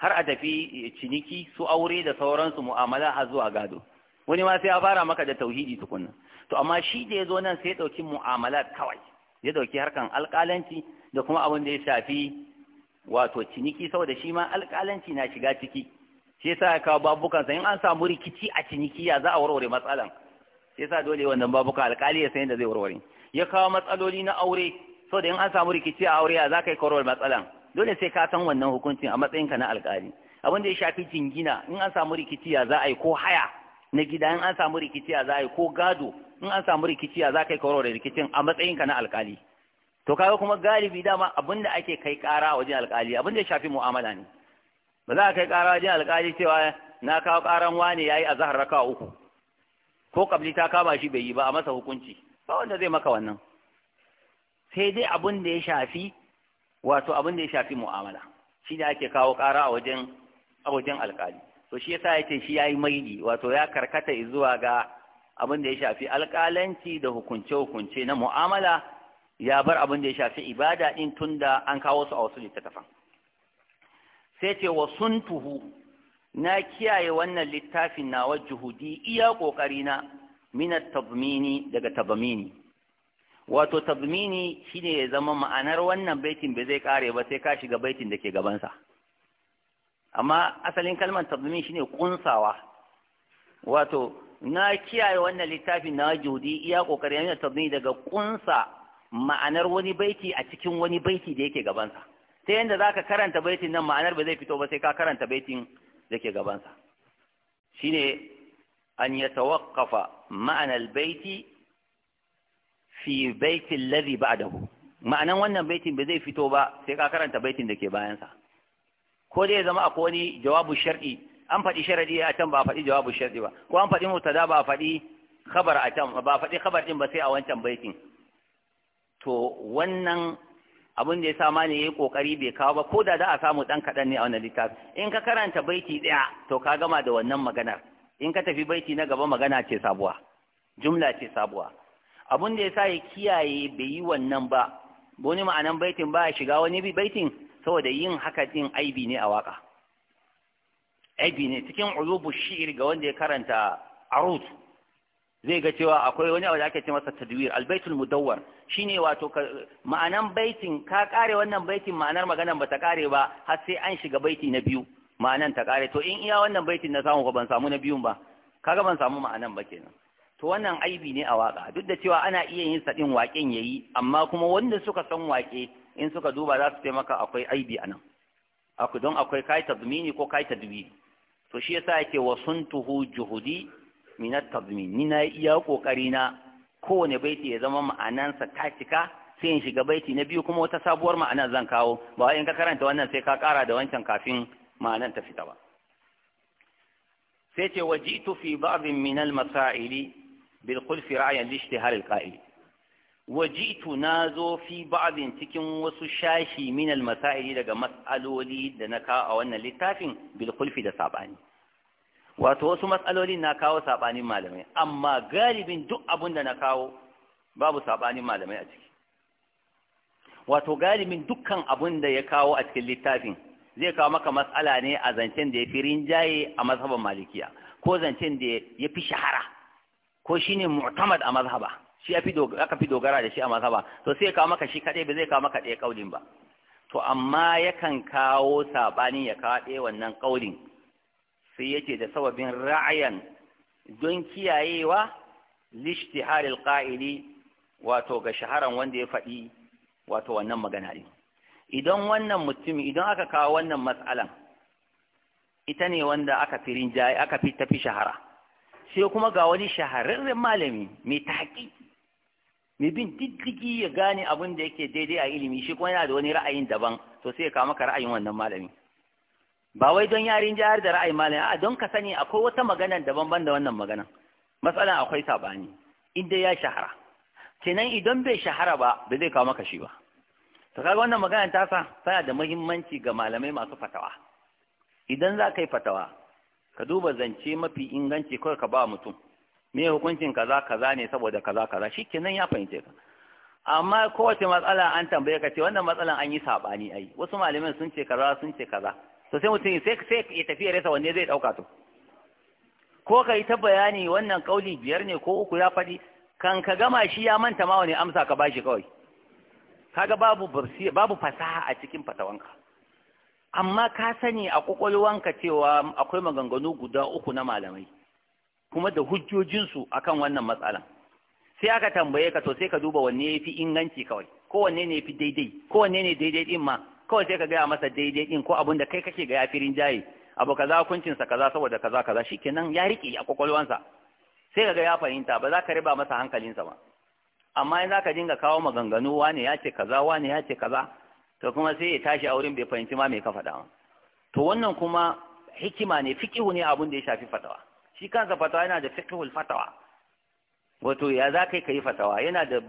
har a tafi ciniki su aure da sauransu mu'amala har zuwa gado wani ma sai ya fara maka da tauhidi tukunna to amma shi da ya zo nan sai ya ɗauki mu'amala kawai ya ɗauki harkan alƙalanci da kuma abin da ya shafi wato ciniki saboda shi ma alƙalanci na shiga ciki shi yasa ya kawo babukansa in an samu rikici a ciniki ya za a warware matsalan shi yasa dole wannan babuka alƙali ya san yadda zai warware ya kawo matsaloli na aure saboda in an samu rikici a aure ya za ka yi matsalan dole sai ka san wannan hukuncin a matsayinka na alƙali abin da ya shafi jingina in an samu rikici ya za a yi ko haya na gida in an samu rikici ya za a yi ko gado in an samu rikici ya za ka yi rikicin a matsayinka na alƙali to kaga kuma galibi dama abin da ake kai ƙara wajen alƙali abin da ya shafi mu'amala ne ba za a kai ƙara wajen alƙali cewa na kawo ƙaran wane ya yi a zahar raka uku ko kabli ta kama shi bai yi ba a masa hukunci ba wanda zai maka wannan sai dai abin da ya shafi wato abin da ya shafi mu'amala shi ne ake kawo ƙara a wajen a wajen alƙali to shi yasa yake shi yayi maidi wato ya karkata zuwa ga abin da ya shafi alƙalanci da hukunce hukunce na mu'amala ya bar abin da ya shafi ibada din tunda an kawo su a wasu littattafan sai ce wa suntuhu na kiyaye wannan littafin na juhudi iya ƙoƙarina min at-tadmini daga tabmini wato tazmini shine ya zama ma'anar wannan baitin bai zai kare ba sai ka shiga baitin da ke gabansa amma asalin kalmar tadmin shine kunsawa wato na kiyaye wannan littafin na jodi iya kokarin yana tadmin daga kunsa ma'anar wani baiti a cikin wani baiti da yake gabansa ta yanda zaka karanta baitin nan ma'anar ba zai fito ba sai ka karanta baitin da ke gabansa shine an yatawaqqafa ma'anar baiti fi baitin ladhi ba'dahu ma'anan wannan baitin ba zai fito ba sai ka karanta baitin da ke bayansa ko dai zama akwai wani jawabu shar'i an faɗi sharadi a can ba a faɗi jawabu shar'i ba ko an faɗi mutada ba a faɗi khabar a can ba a faɗi khabar din ba sai a wancan baitin to wannan abin da ya sa mani yayi kokari bai kawo ba ko da za a samu dan kaɗan ne a wannan littafi in ka karanta baiti daya to ka gama da wannan maganar in ka tafi baiti na gaba magana ce sabuwa jumla ce sabuwa abun da ya sa ya kiyaye bai yi wannan ba wani ma'anan baitin ba ya shiga wani baitin saboda yin haka din aibi ne a waka aibi ne cikin ulubu shi'ir ga wanda ya karanta arut zai ga cewa akwai wani abu da ake ce masa tadwir albaitul mudawwar shine wato ma'anan baitin ka kare wannan baitin ma'anar maganar ta kare ba har sai an shiga baiti na biyu ma'anan ta kare to in iya wannan baitin na samu ko ban samu na biyun ba kaga ban samu ma'anan ba kenan to wannan aibi ne a waka duk da cewa ana iya yin sadin waken yayi amma kuma wanda suka san wake in suka duba za su ce maka akwai aibi anan akwai don akwai kai tadmini ko kai tadbiri to shi yasa yake wasuntuhu juhudi min at-tadmin ni na iya kokari na kowane baiti ya zama ma'anansa ta cika sai in shiga baiti na biyu kuma wata sabuwar ma'ana zan kawo ba in ka karanta wannan sai ka kara da wancan kafin ma'anan ta fita ba sai ce wajitu fi ba'dhin min al-masaili bil khulfi ra'ayan li ishtihar al qa'il wajitu nazo fi ba'din cikin wasu shashi min al daga mas'aloli da na kawo a wannan littafin bil da sabani wato wasu mas'alolin na kawo sabanin malamai amma galibin duk abun na kawo wato dukkan abun da ya kawo a cikin littafin zai kawo maka matsala ne a zancen da ya fi rinjaye a mazhaban malikiya ko zancen da ya fi shahara ko shine mu'tamad a mazhaba shi afi aka fi dogara da shi a mazhaba to sai kawo maka shi kadai ba zai kawo maka ɗaya kaulin ba to amma yakan kawo sabani ya kawo ɗaya wannan kaulin sai yace da sababin ra'ayan don kiyayewa lishtihar alqaili wato ga shaharan wanda ya faɗi wato wannan magana din idan wannan mutum idan aka kawo wannan matsalan ita ne wanda aka firin rinjaye aka fi tafi shahara sai kuma ga wani shahararren malami mai taƙi mai bin diddigi ya gane abin da yake daidai a ilimi shi kuma yana da wani ra'ayin daban to sai ya kawo maka ra'ayin wannan malami ba wai don yarin jihar da ra'ayin malami a don ka sani akwai wata magana daban ban da wannan magana matsalan akwai sabani inda ya shahara kenan idan bai shahara ba ba zai kawo maka shi ba to kaga wannan magana ta sa tana da muhimmanci ga malamai masu fatawa idan za ka yi fatawa ka duba zance mafi inganci kawai ka ba mutum me hukuncin kaza kaza ne saboda kaza kaza shikenan ya fahimce ka amma kowace matsala an tambaye ka ce wannan matsalan an yi sabani ayi. wasu malaman sun ce kaza sun ce kaza to sai mutum sai sai ya tafi ya rasa wanne zai dauka to ko ka yi ta bayani wannan kauli biyar ne ko uku ya faɗi kan ka gama shi ya manta ma wani amsa ka bashi kawai kaga babu babu fasaha a cikin fatawanka amma ka sani a ƙwaƙwalwanka cewa akwai maganganu guda uku na malamai kuma da hujjojinsu akan wannan matsalan sai aka tambaye ka to sai ka duba wanne ya fi inganci kawai ko wanne ne ya fi daidai ko wanne ne daidai din ma kawai sai ka gaya masa daidai din ko abin da kai kake ga fi rinjaye abu kaza hukuncinsa kaza saboda kaza kaza shikenan ya riƙe a ƙwaƙwalwansa. sai kaga ya fahimta ba za ka riba masa hankalinsa ba amma in za ka dinga kawo maganganu wane ya ce kaza wane ya ce kaza to kuma sai ya tashi a wurin bai fahimci ma mai ka faɗa ba to wannan kuma hikima ne fiqihu ne abun da ya shafi fatawa shi kansa fatawa yana da fiqhul fatawa wato ya za kai yi fatawa yana da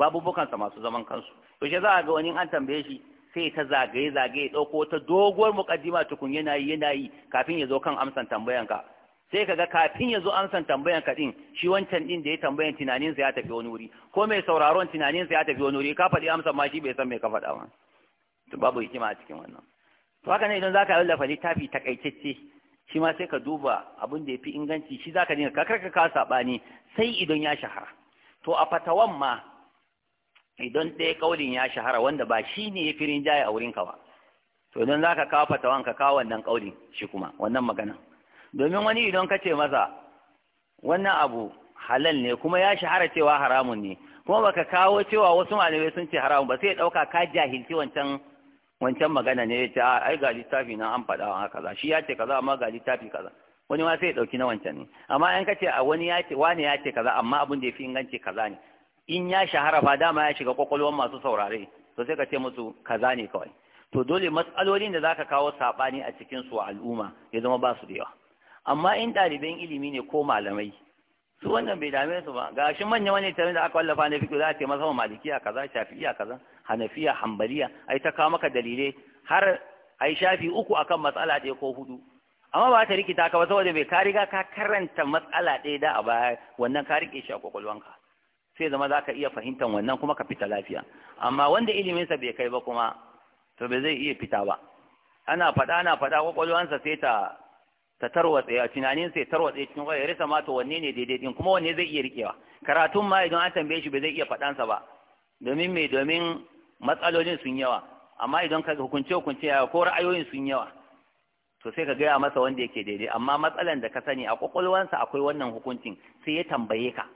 sa masu zaman kansu to shi za a ga wani an tambaye shi sai ta zagaye zagaye ɗauko ta doguwar muƙaddima tukun yana yi yana yi kafin ya zo kan amsan ka sai ka ga kafin ya zo amsan ka din shi wancan din da ya tunanin tunaninsa ya tafi wani wuri ko mai sauraron tunaninsa ya tafi wani wuri ka faɗi amsan ma shi bai san mai ka faɗa ba to babu hikima a cikin wannan to haka ne idan zaka wallafa littafi takaitacce shi ma sai ka duba abin da yafi inganci shi zaka dinga kakar ka kawo saɓani sai idan ya shahara to a fatawan ma idan ɗaya kaulin ya shahara wanda ba shi ne ya fi rinjaye a wurinka ba to idan zaka kawo fatawan ka kawo wannan kaulin shi kuma wannan maganan domin wani idan ka ce masa wannan abu halal ne kuma ya shahara cewa haramun ne kuma baka kawo cewa wasu malamai sun ce haramun ba sai ya dauka ka jahilci wancan wancan magana ne ya ce a ah, ai ga littafi na an faɗa wa kaza shi ya ce kaza amma ga littafi kaza wani ma sai ya ɗauki na wancan ne amma ka ce a wani ya ce wani ya ce kaza amma abin da ya fi inganci kaza ne in ya shahara fa dama ya shiga kwakwalwar masu saurare to sai ka ce musu kaza ne kawai to dole matsalolin da zaka kawo saɓani a cikin su al'umma ya zama ba su da yawa amma in ɗaliban ilimi ne ko malamai su wannan bai dame su ba ga shi manya wani tare da aka wallafa na fiƙo za a ce masa malikiya kaza shafi'iya kaza hanafiya hambaliya ai ta kawo maka dalilai har ai shafi uku akan matsala ɗaya ko hudu amma ba ta rikita ka ba saboda bai ka riga ka karanta matsala ɗaya da a baya wannan ka rike shi a kwakwalwanka sai zama za ka iya fahimtar wannan kuma ka fita lafiya amma wanda iliminsa bai kai ba kuma to bai zai iya fita ba ana faɗa ana faɗa kwakwalwansa sai ta ta tarwatsa ya tunanin sai tarwatse cikin ya rasa ma to wanne ne daidai din kuma wanne zai iya rikewa karatun ma idan an tambaye shi bai zai iya faɗansa ba domin me domin matsalolin sun yawa amma idan ka hukunce hukunce yawa ko ra'ayoyin sun yawa to sai ka gaya masa wanda yake daidai amma matsalan da ka sani a kwakwalwansa akwai wannan hukuncin sai ya tambaye ka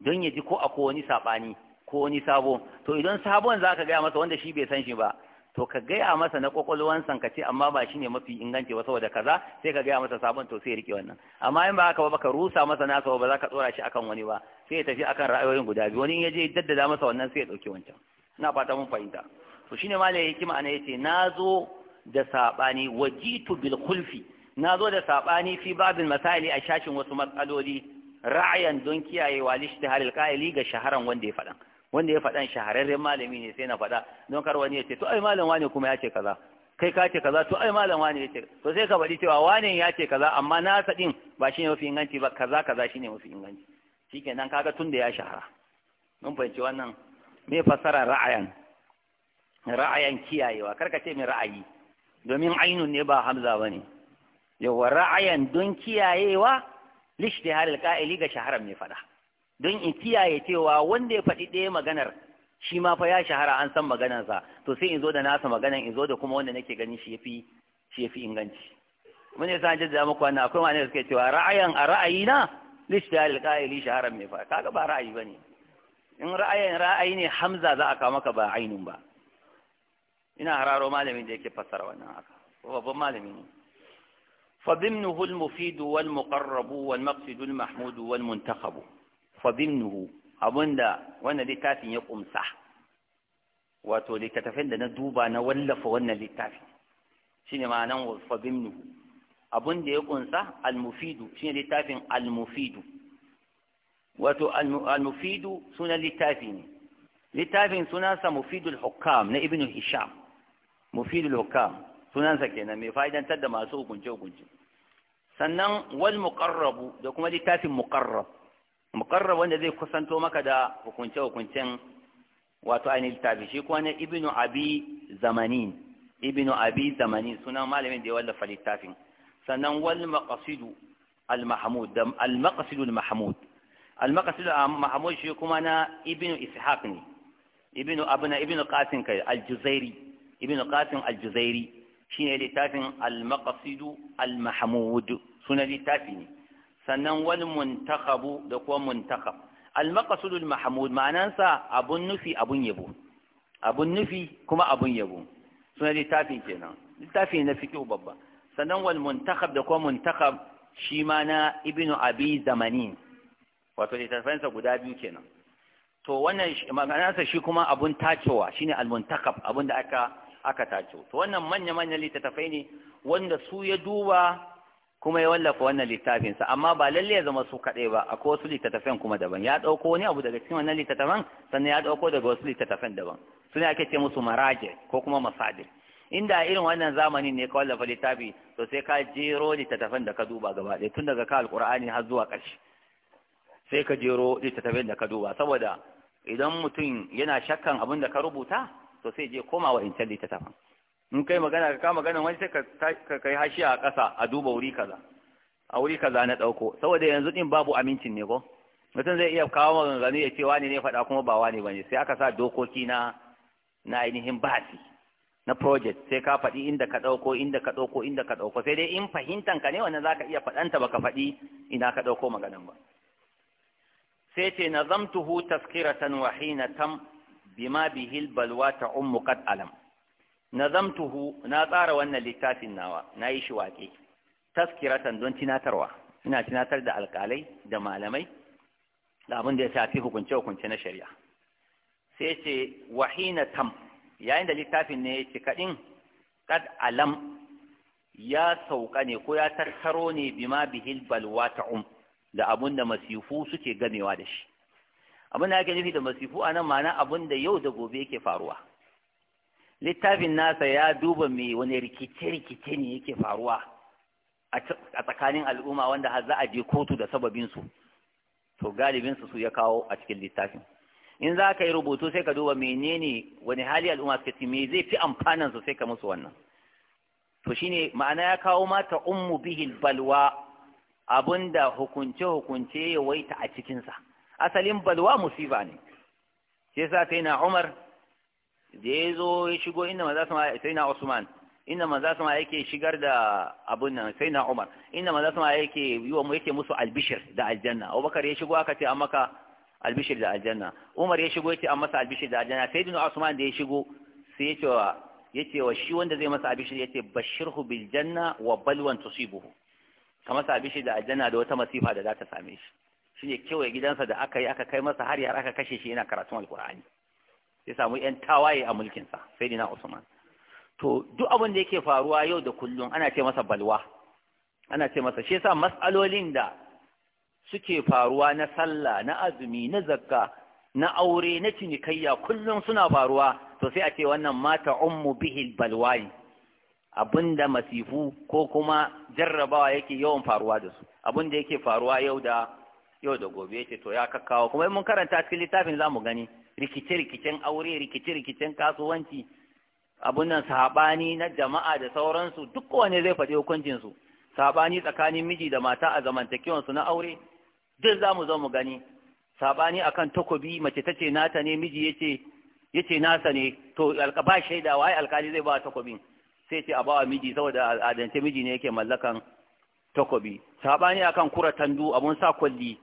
don ya ji ko akwai wani saɓani ko wani sabo to idan sabon za ka gaya masa wanda shi bai san shi ba to ka gaya masa na kwakwalwansa ka ce amma ba shi ne mafi inganci ba saboda kaza sai ka gaya masa sabon to sai ya rike wannan amma in ba haka ba baka rusa masa nasa ba za ka tsora shi akan wani ba sai ya tafi akan ra'ayoyin guda biyu wani ya je daddada masa wannan sai ya ɗauki wancan na fata mun fahimta to shine malai hikima ana yace nazo da sabani wajitu bil khulfi nazo da sabani fi babin masaili a shashin wasu matsaloli ra'ayan don kiyaye kiyayewa lishtihar qaili ga shaharan wanda ya faɗan wanda ya faɗan shahararren malami ne sai na faɗa don kar wani yace to ai malam wani kuma yace kaza kai ka ce kaza to ai malam wani yace to sai ka faɗi cewa wani ya ce kaza amma na din ba shine mafi inganci ba kaza kaza shine mafi inganci shikenan kaga tun da ya shahara mun fahimci wannan me fasara ra'ayan ra'ayan kiyayewa karka ce mai ra'ayi domin ainun ne ba hamza bane yawa ra'ayan don kiyayewa lishtiharil qa'ili ga shaharar mai fada don in kiyaye cewa wanda ya faɗi ɗaya maganar shi ma fa ya shahara an san maganarsa to sai in zo da nasa maganar in zo da kuma wanda nake gani shi yafi shi yafi inganci mun ne san da muku wannan akwai wani da suke cewa ra'ayan a ra'ayina lishtiharil qa'ili shaharar mai fada kaga ba ra'ayi bane in ra'ayin ra'ayi ne hamza za a kawo maka ba ainun ba ina hararo malamin da yake fassara wannan haka babban malami ne wal wal المفيد والمقرب والمقصد المحمود والمنتخب فضمنه abinda wannan littafin ya kumsa wato littattafin da na duba na wallafa wannan littafin shine ma'anan fadimnuhu abinda ya kunsa mufidu, shine littafin al mufidu. wato al-mufidu sunan littafi ne littafin sunansa mufidul hukam na ibnu hisham mufidul hukam sunansa kenan mai fa'idantar da masu hukunce hukunce sannan wal muqarrabu da kuma littafin muqarrab muqarrab wanda zai kusanto maka da hukunce hukuncen wato ainihin littafi shi kuma na ibinu abi zamanin ibnu abi zamanin sunan malamin da ya wallafa littafin sannan wal maqasidu al mahmud da al maqasidu al mahmud المقصد محمود shi kuma na ibnu ishaq ne ibnu abuna ibnu qasim kai al-juzairi ibnu qasim shine littafin al-maqasid al-mahmud sannan wani da kuma muntakhab al-maqasid al abun nufi abun yabo abun nufi kuma abun yabo sunan littafin kenan littafi na fiqh babba sannan da shi ma na ibnu abi zamanin wato littafansa guda biyu kenan to wannan maganarsa shi kuma abun tacewa shine almuntakab abun da aka aka tace to wannan manya manyan littattafai ne wanda su ya duba kuma ya wallafa wannan littafin sa amma ba lalle ya zama su kadai ba akwai wasu littattafan kuma daban ya dauko wani abu daga cikin wannan littattafan sannan ya dauko daga wasu littattafan daban sune ake ce musu maraje ko kuma masadir inda irin wannan zamanin ne ka wallafa littafi to sai ka jero littattafan da ka duba gaba ɗaya tun daga ka alqur'ani har zuwa ƙarshe sai ka jero littattafai da ka duba saboda idan mutum yana shakkan abin da ka rubuta to sai je koma wa incan littattafan in kai magana ka kama ganin wani sai ka kai hashiya a ƙasa a duba wuri kaza a wuri kaza na ɗauko saboda yanzu din babu amincin ne ko mutum zai iya kawo maganganu ya ce wani ne faɗa kuma ba wani bane sai aka sa dokoki na na ainihin basi na project sai ka faɗi inda ka ɗauko inda ka ɗauko inda ka ɗauko sai dai in fahimtanka ne wannan ka iya faɗanta baka faɗi ina ka ɗauko maganan ba sai ce nazamtuhu tazkiratan na tam bima bihi albalwa ta ummu qad alam nazamtuhu na tsara wannan littafin nawa na yi shi waƙe tazkiratan don tinatarwa ina tinatar da alƙalai da malamai da abin da ya shafi hukunce hukunce na shari'a sai ce wa tam yayin da littafin ne ya cika din qad alam ya sauka ne ko ya tattaro ne bima bihil balwa ta ummu da abun da masifu suke gamewa da shi abin da ake nufi da masifu a nan ma'ana abun da yau da gobe yake faruwa littafin nasa ya duba me wani rikice-rikice ne yake faruwa a tsakanin al'umma wanda har za a je kotu da sababinsu to galibinsu su ya kawo a cikin littafin in za ka yi rubutu sai ka duba menene wani hali al'umma suka ci me zai fi amfanansu sai ka musu wannan to shine ma'ana ya kawo mata ummu bihil balwa Abin da hukunce-hukunce ya waita a cikinsa asalin balwa musiba ne sai sa sai na umar da ya zo ya shigo inda maza su sai na usman inda maza su ma yake shigar da abin nan sai na umar inda maza su ma yake yi wa yake musu albishir da aljanna abubakar ya shigo aka ce an maka albishir da aljanna umar ya shigo ya ce an masa albishir da aljanna sai dinu usman da ya shigo sai ya ce wa ya ce wa shi wanda zai masa albishir ya ce bashirhu bil janna wa balwan tusibuhu ka masa abishi da aljanna da wata masifa da za ta same shi Shi shine kewaye gidansa da aka yi aka kai masa har yara aka kashe shi yana karatun alkur'ani sai samu yan tawaye a mulkinsa sai dina usman to duk abin da yake faruwa yau da kullum ana ce masa balwa ana ce masa shi yasa mas'alolin da suke faruwa na sallah na azumi na zakka na aure na cinikayya kullum suna faruwa to sai a ce wannan mata ummu bihil balwai abinda masifu ko kuma jarrabawa yake yawan faruwa da su abinda yake faruwa yau da yau da gobe yake to ya kakkawo kuma mun karanta cikin littafin zamu gani rikice rikicen aure rikice rikicen kasuwanci abun nan sabani na jama'a da sauransu duk kowane zai faɗi hukuncin su sabani tsakanin miji da mata a zamantakewan su na aure duk zamu zo mu gani sabani akan takobi mace tace nata ne miji yace yace nasa ne to alƙaba shaida wai alkali zai ba takobin sai ce a bawa miji saboda al'adance miji ne yake mallakan takobi sabani akan kura tandu abun sa kulli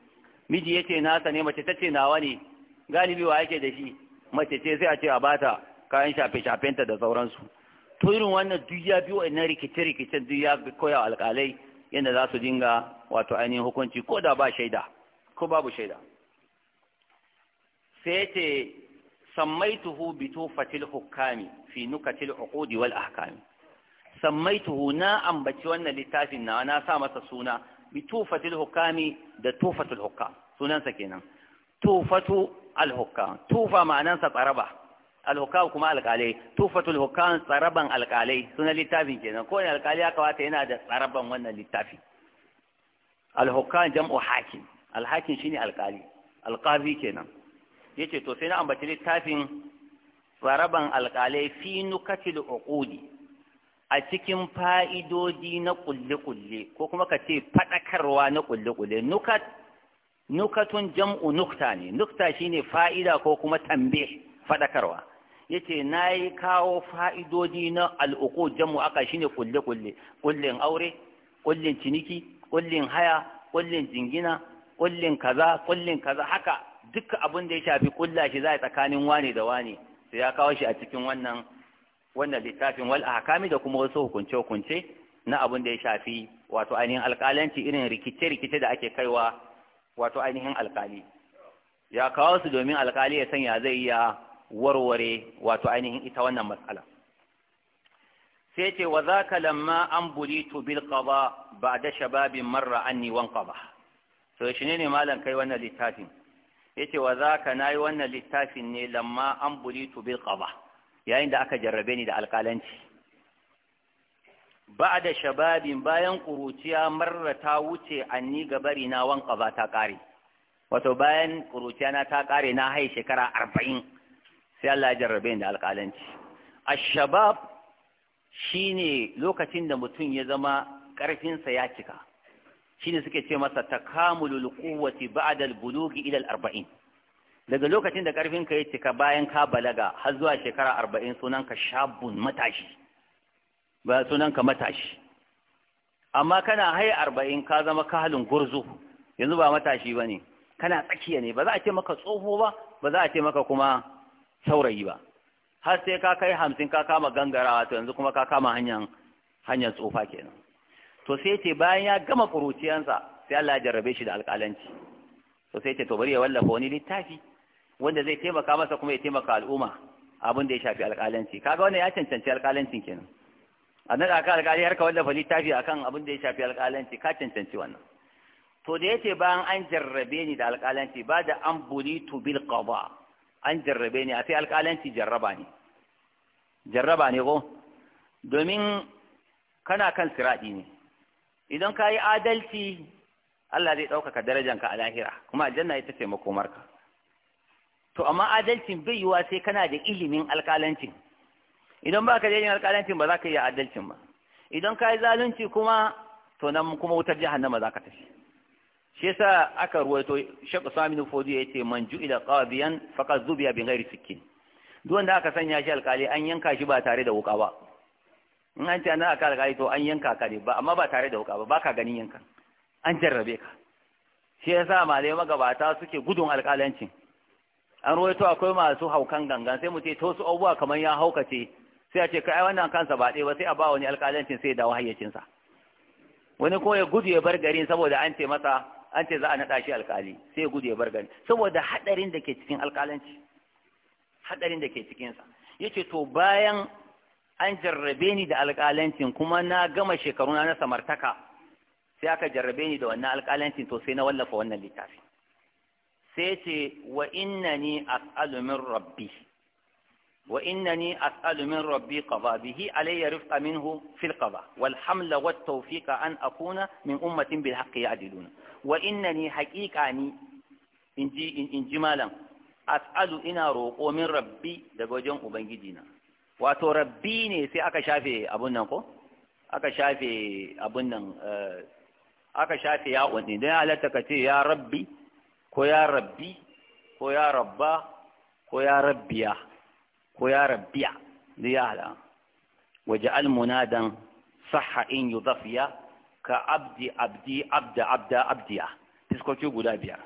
miji yace nasa ne mace tace nawa ne galibi wa yake da shi mace ce sai a ce a bata kayan shafe shafen ta da sauransu to irin wannan duk ya biyo wa'annan rikice rikicen duk ya koya alƙalai yadda za su dinga wato ainihin hukunci ko da ba shaida ko babu shaida sai ce sammaituhu bi tufatil hukami fi nukatil uqudi wal ahkami sammaituhu na ambaci wannan littafin na, na sa masa suna bi tufatul hukami da tufatul hukam sunansa kenan tufatu al-hukam tufa ma'anansa tsaraba al-hukam kuma alƙalai tufatul hukam tsaraban alƙalai sunan littafin kenan ko ne alƙali ya kawata yana da tsaraban wannan littafi al-hukam jam'u hakim al-hakim shine alƙali alƙazi kenan yace to sai na ambaci littafin tsaraban alƙalai fi nukatil uqudi a cikin fa'idodi na ƙulle-ƙulle ko kuma ka ce faɗakarwa na ƙulle-ƙulle nukatun jam'u nukta ne nukta shine fa'ida ko kuma tambe faɗakarwa ya ce na yi kawo fa'idodi na al'uku jam'u aka shine ƙulle-ƙulle ƙullin aure ƙullin ciniki ƙullin haya ƙullin jingina ƙullin kaza ƙullin kaza haka duk abin da ya shafi ƙulla shi za a tsakanin wane da wane sai ya kawo shi a cikin wannan wannan littafin wal ahkami da kuma wasu hukunce-hukunce na abin da ya shafi wato ainihin alƙalanci irin rikice-rikice da ake kaiwa wato ainihin alƙali ya kawo su domin alƙali ya sanya zai iya warware wato ainihin ita wannan matsala sai ce wa zaka lamma an bulitu bil qada ba'da shababin marra anni wan qada to shi ne malam kai wannan littafin yace wa zaka nayi wannan littafin ne lamma an bulitu bil qada yayin da aka jarrabe ni da alƙalanci ba da shababin bayan ƙuruciya marra ta wuce anni bari na wanka ba ta ƙare wato bayan ƙuruciya na ta ƙare na hai shekara arba'in sai Allah ya jarrabe ni da alƙalanci a shabab shi ne lokacin da mutum ya zama ƙarfinsa ya cika shi suke ce masa takamulul quwwati ba'da al-bulugi ila al-arba'in daga lokacin da karfin ka yi cika bayan ka balaga har zuwa shekara arba'in sunanka shabun matashi ba ka matashi amma kana haya arba'in ka zama kahalin gurzu yanzu ba matashi ba ne kana tsakiya ne ba za a ce maka tsoho ba ba za a ce maka kuma saurayi ba har sai ka kai hamsin ka kama gangarawa to yanzu kuma ka kama hanyar hanyar tsofa kenan to sai ce bayan ya gama kuruciyansa sai Allah ya jarrabe shi da alƙalanci to sai ce to bari ya wallafa wani littafi wanda zai taimaka masa kuma ya taimaka al'umma abin da ya shafi alƙalanci kaga wannan ya cancanci alƙalancin kenan a nan aka alƙali har ka fa littafi akan abin da ya shafi alƙalanci ka cancanci wannan to da yace bayan an jarrabe ni da alƙalanci ba da an tu bil qada an jarrabe ni a sai alƙalanci jarraba ne jarraba ne ko domin kana kan siradi ne idan ka yi adalci Allah zai ɗaukaka darajanka a lahira kuma aljanna ita ce makomarka to amma adalcin bai yiwa sai kana da ilimin alƙalancin idan ba ka da ilimin alƙalancin ba za ka yi adalcin ba idan ka yi zalunci kuma to nan kuma wutar jahannama za ka tafi shi yasa aka ruwaito Sheikh Usman Fodi ya ce man ju'ila qabiyan faqad zubiya bi ghairi sikkin duk wanda aka sanya shi alƙali an yanka shi ba tare da wuka ba in an ce ana aka alƙali to an yanka ka ne ba amma ba tare da wuka ba baka ganin yanka an jarrabe ka shi yasa malai magabata suke gudun alƙalancin an ruwaito akwai masu haukan gangan sai mu ce to su abubuwa kamar ya haukace sai a ce kai wannan kansa ba ɗaya ba sai a ba wani alƙalancin sai ya dawo hayyacinsa wani ko ya gudu ya bar garin saboda an ce masa an ce za a naɗa shi alƙali sai ya gudu ya bar garin saboda haɗarin da ke cikin alƙalanci haɗarin da ke cikinsa ya ce to bayan an jarrabe ni da alƙalancin kuma na gama shekaruna na samartaka sai aka jarrabe ni da wannan alƙalancin to sai na wallafa wannan littafi sai ce wa inani as'alu min rabbi wa innani as'alu min rabbi qada bihi alayya rifqa minhu fil qada wal hamla wat taufika an akuna min ummatin bil haqqi ya'diluna wa innani ni inji inji malam as'alu ina roƙo min rabbi daga wajen ubangiji na wato rabbi ne sai aka shafe abun nan ko aka shafe abun nan eh, aka shafe halatta ka ce ya rabbi ko ya rabbi ko ya rabba ko ya rabbiya ko ya rabbiya da ya haɗa waje almunadan saha in yi zafiya ka abdi abdi abda abda abdiya fiskoki guda biyar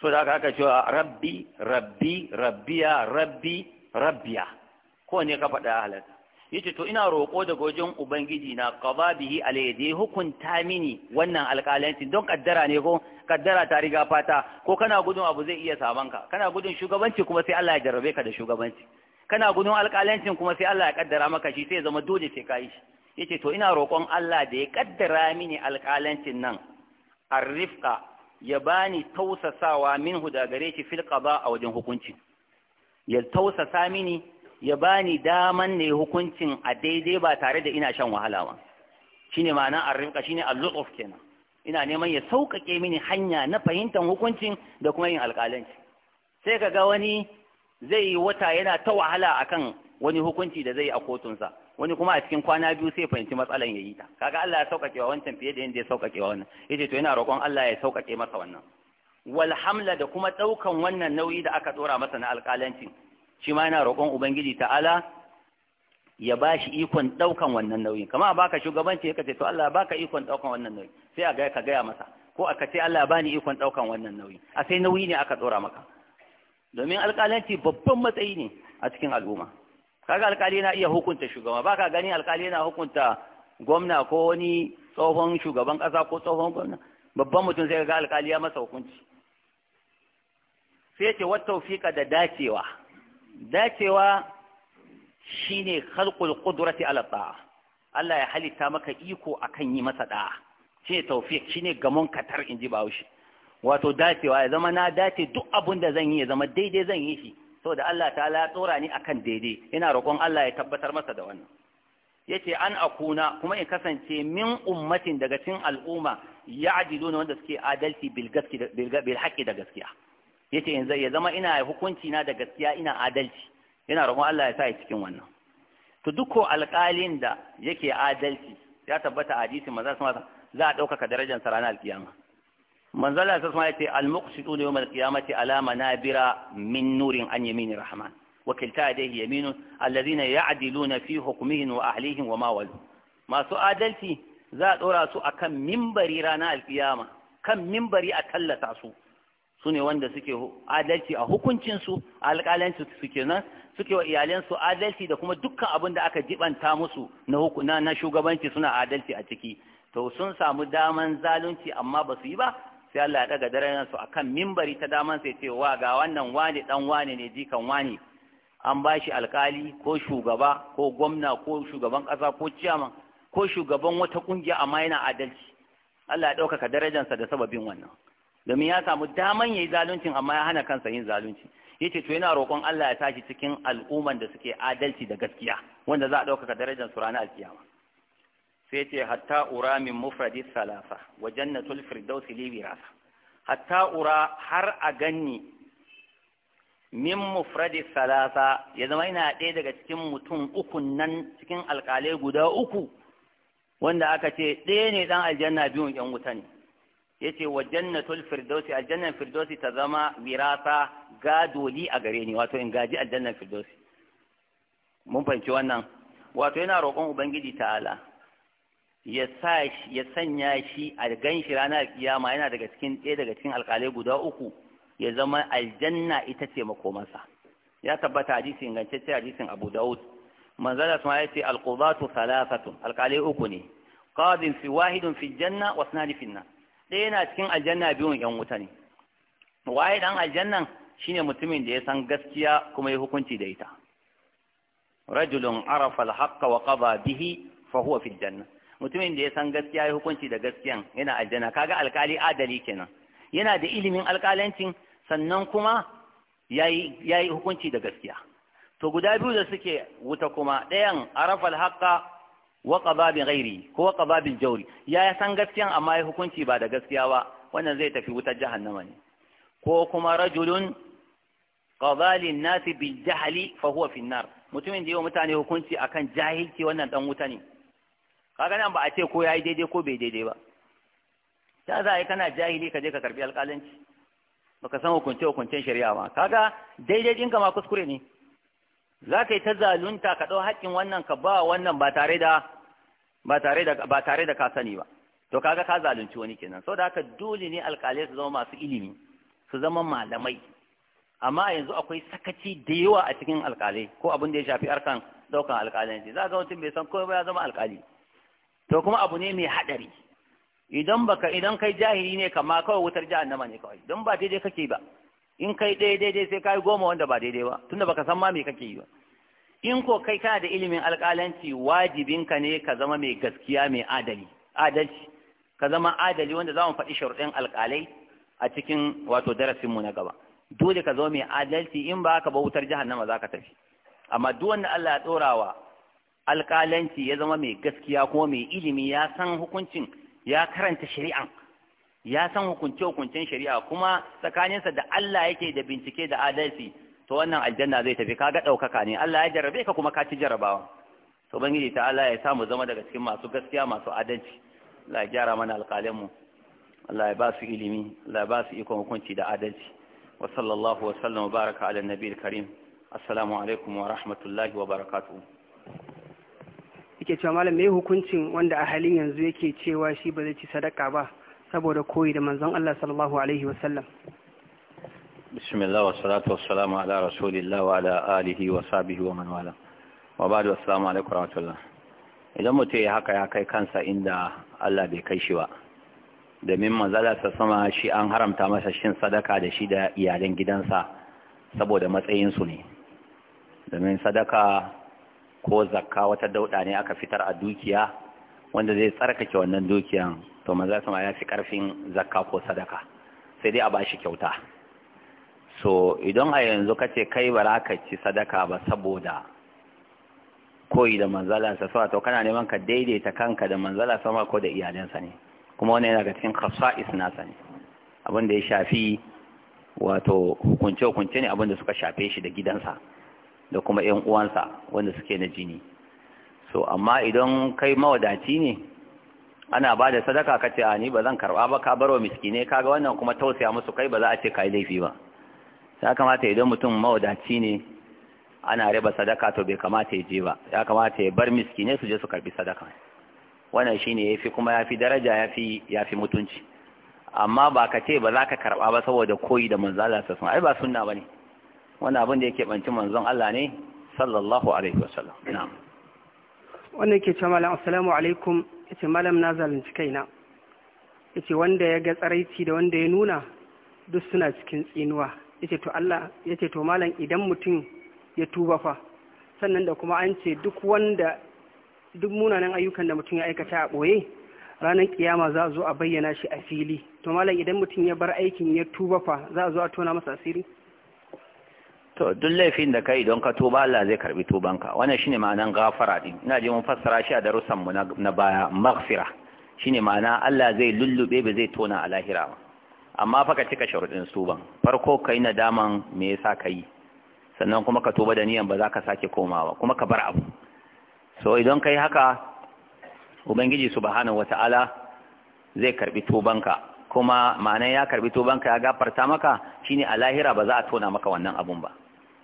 so da aka aka cewa rabbi rabbi rabbiya rabbi rabbiya ko ne ka faɗa halatta yace to ina roƙo daga wajen ubangiji na qaba bihi alayhi hukunta mini wannan alƙalanci don kaddara ne ko kaddara ta riga fata ko kana gudun abu zai iya saman ka kana gudun shugabanci kuma sai Allah ya jarrabe ka da shugabanci kana gudun alƙalancin kuma sai Allah ya kaddara maka shi sai zama dole sai kai shi yace to ina roƙon Allah da ya kaddara mini alƙalancin nan arrifqa ya bani tausasawa minhu da gare shi fil qaba a wajen hukunci ya tausasa mini ya bani daman ne hukuncin a daidai ba tare da ina shan wahala ba Shi ne ma'ana a shi ne a lutf kenan ina neman ya sauƙaƙe mini hanya na fahimtar hukuncin da kuma yin alƙalanci sai ka ga wani zai yi wata yana ta wahala akan wani hukunci da zai a kotunsa wani kuma a cikin kwana biyu sai fahimci matsalan ya yi ta kaga Allah ya sauƙaƙe wa wancan fiye da yadda ya sauƙaƙe wa wannan ce to yana roƙon Allah ya sauƙaƙe masa wannan walhamla da kuma ɗaukan wannan nauyi da aka ɗora masa na alƙalancin shi ma yana roƙon ubangiji ta'ala ya ba shi ikon ɗaukan wannan nauyin kama baka shugabanci ka ce to Allah ba ka ikon ɗaukan wannan nauyin sai a gaya ka gaya masa ko a ce Allah bani ikon ɗaukan wannan nauyin a sai nauyi ne aka tsora maka domin alƙalanci babban matsayi ne a cikin al'umma kaga alƙali na iya hukunta shugaba ka gani alƙali yana hukunta gwamna ko wani tsohon shugaban ƙasa ko tsohon gwamna babban mutum sai ga alƙali ya masa hukunci sai ce wata tawfiqa da dacewa dacewa shine khalqul qudrati ala ta'a Allah ya halitta maka iko akan yi masa da'a shine tawfiq shine gamon katar inji Bahaushe wato dacewa ya zama na dace duk abun da zan yi ya zama daidai zan yi shi saboda Allah ta'ala ya tsora ni akan daidai ina roƙon Allah ya tabbatar masa da wannan yace an akuna kuma in kasance min ummatin daga cikin al'umma ya'diluna wanda suke adalci bil gaskiya bil haqqi da gaskiya yace yanzu ya zama ina hukunci na da gaskiya ina adalci yana roƙon Allah ya sa ya cikin wannan to duk ko alƙalin da yake adalci ya tabbata a hadisi manzo za a ɗaukaka darajar sa ranar alkiyama manzo Allah sama ya ce al-muqsitu yawm al-qiyamati ala manabira min nurin an yamini rahman wa kilta yadayhi yaminun alladhina ya'diluna fi hukmihim wa ahlihim wa ma wal masu adalci za a ɗora su akan mimbari ranar alkiyama kan mimbari a tallata su su ne wanda suke adalci a hukuncinsu a alƙalanci suke nan suke wa iyalansu adalci da kuma dukkan abin da aka jibanta musu na na shugabanci suna adalci a ciki to sun samu daman zalunci amma ba su yi ba sai Allah ya daga daren su akan mimbari ta daman sai ce wa ga wannan wane dan wane ne jikan wane an ba shi alƙali ko shugaba ko gwamna ko shugaban ƙasa ko ciyaman ko shugaban wata ƙungiya amma yana adalci Allah ya ɗaukaka darajarsa da sababin wannan domin ya samu daman ya yi zaluncin amma ya hana kansa yin zalunci ya ce to yana roƙon Allah ya tashi cikin al'umman da suke adalci da gaskiya wanda za a ɗaukaka darajar su ranar alkiyama sai ce hatta ura min mufradi salafa wa jannatul firdausi li wirasa hatta ura har a ganni min mufradi salasa ya zama yana ɗaya daga cikin mutum uku nan cikin alƙalai guda uku wanda aka ce ɗaya ne ɗan aljanna biyun ƴan wuta ne yace wa jannatul firdausi aljannan firdausi ta zama wirasa gadoli a gare ni wato in gaji aljannan firdausi mun fahimci wannan wato yana roƙon ubangiji ta'ala ya sa ya sanya shi a ganshi ranar kiyama yana daga cikin ɗaya daga cikin alƙalai guda uku ya zama aljanna ita ce makomansa ya tabbata hadisi ingantacce hadisin Abu Dawud manzala sun ya ce alqudatu thalathatun alƙalai uku ne qadin fi wahidun fi janna wa sunani fi nar ɗaya yana cikin aljanna biyun yan wuta ne waye dan aljannan shine mutumin da ya san gaskiya kuma ya hukunci da ita rajulun arafa al wa qada bihi fa huwa fi janna mutumin da ya san gaskiya ya hukunci da gaskiyan yana aljanna kaga alkali adali kenan yana da ilimin alkalancin sannan kuma yayi yayi hukunci da gaskiya to guda biyu da suke wuta kuma ɗayan arafa al wa qababin ghairi ko wa qababin jauri ya ya san gaskiyan amma ya hukunci ba da gaskiya ba wannan zai tafi wutar jahannama ne ko kuma rajulun qabalin nasi bil jahli fa huwa fi nar mutumin da yawa mutane hukunci akan jahilci wannan dan wuta ne kaga nan ba a ce ko yayi daidai ko bai daidai ba ta za a yi kana jahili ka je ka karbi alƙalanci baka san hukunce hukuncen shari'a ba kaga daidai ka ma kuskure ne za ka yi ta zalunta ka ɗau haƙƙin wannan ka ba wannan ba tare da ba tare da ka sani ba to kaga ka zalunci wani kenan da haka dole ne alƙalai su zama masu ilimi su zama malamai amma yanzu akwai sakaci da yawa a cikin alƙalai ko abin da ya shafi arkan daukan alƙalanci za ga mutum bai san ko ya zama alƙali to kuma abu ne mai haɗari idan baka idan kai jahili ne kama kawai wutar jahannama ne kawai don ba daidai kake ba in kai daidai dai sai kai goma wanda ba daidai ba tunda baka san ma me kake yi ba in ko kai kana da ilimin alƙalanci ka ne ka zama mai gaskiya mai adali adalci ka zama adali wanda za mu faɗi sharuɗin alƙalai a cikin wato darasinmu na gaba dole ka zama mai adalci in ba ka bautar wutar jahannama za ka tafi amma duk wanda Allah ya wa alƙalanci ya zama mai gaskiya kuma mai ilimi ya san hukuncin ya karanta shari'a. ya san hukunce-hukuncen shari'a kuma tsakaninsa da Allah yake da bincike da adalci to wannan aljanna zai tafi kaga ɗaukaka ne Allah ya jarrabe ka kuma ka ci jarrabawa to bangiji ta Allah ya samu zama daga cikin masu gaskiya masu adalci Allah ya gyara mana alƙalanmu Allah ya ba su ilimi Allah ya ba su ikon hukunci da adalci wa sallallahu wa sallam wa baraka ala nabiyil karim assalamu alaikum wa rahmatullahi wa barakatuh yake cewa malam me hukuncin wanda a halin yanzu yake cewa shi ba zai ci sadaka ba saboda koyi da manzon Allah sallallahu alaihi wa sallam بسم الله والصلاة والسلام على رسول الله وعلى آله وصحبه ومن والاه وبعد السلام عليكم ورحمة الله idan mutum ya haka ya kai kansa inda Allah bai kai shi ba domin mazalarsa sama shi an haramta masa shin sadaka da shi da iyalan gidansa saboda matsayinsu ne domin sadaka ko zakka wata dauɗa ne aka fitar a dukiya wanda zai tsarkake wannan dukiyan to maza sama ya fi karfin zakka ko sadaka sai dai a bashi kyauta so idan a yanzu kace kai ba za ci sadaka ba saboda koyi da manzala sa sama to kana neman ka daidaita kanka da manzala sama ko da iyalansa ne kuma wannan yana ga cikin khasa'is na ne abin da ya shafi wato hukunce hukunce ne abin da suka shafe shi da gidansa da kuma yan uwansa wanda suke na jini so amma idan kai mawadaci ne ana ba da sadaka kace a ni ba zan karba ba ka baro miskine ga wannan kuma tausaya musu kai ba za a ce kai laifi ba ya kamata idan mutum mawadaci ne ana raba sadaka to bai kamata ya je ba ya kamata ya bar miskine su je su karbi sadaka wannan shine yafi kuma yafi daraja yafi yafi mutunci amma ba ka ce ba za ka karba ba saboda koyi da manzala Allah sun alaihi wasallam ai ba sunna ne, wannan abin da yake banci manzon Allah ne sallallahu alaihi wasallam na'am wannan ke cewa malam assalamu alaikum yace malam na zalunci kaina yace wanda ya ga tsaraici da wanda ya nuna duk suna cikin tsinuwa yace to Allah yace to malam idan mutum ya tuba fa sannan da kuma an ce duk wanda duk munanan ayyukan da mutum ya aikata a boye ranar kiyama za a zo a bayyana shi a fili to malam idan mutum ya bar aikin ya tuba fa za a zo a tona masa asiri to duk laifin da kai don ka tuba Allah zai karbi tubanka wannan shine ma'anan gafara din ina je mun fassara shi a darussan mu na baya maghfira shine ma'ana Allah zai lullube ba zai tona a lahira ba amma fa ka cika sharuɗin ban farko kai nadaman me yasa ka sannan kuma ka tuba da niyan ba za ka sake komawa kuma ka bar abu so idan kai haka ubangiji subhanahu wata'ala zai karbi tubanka kuma ma'anan ya karbi tubanka ya gafarta maka shine a lahira ba za a tona maka wannan abun ba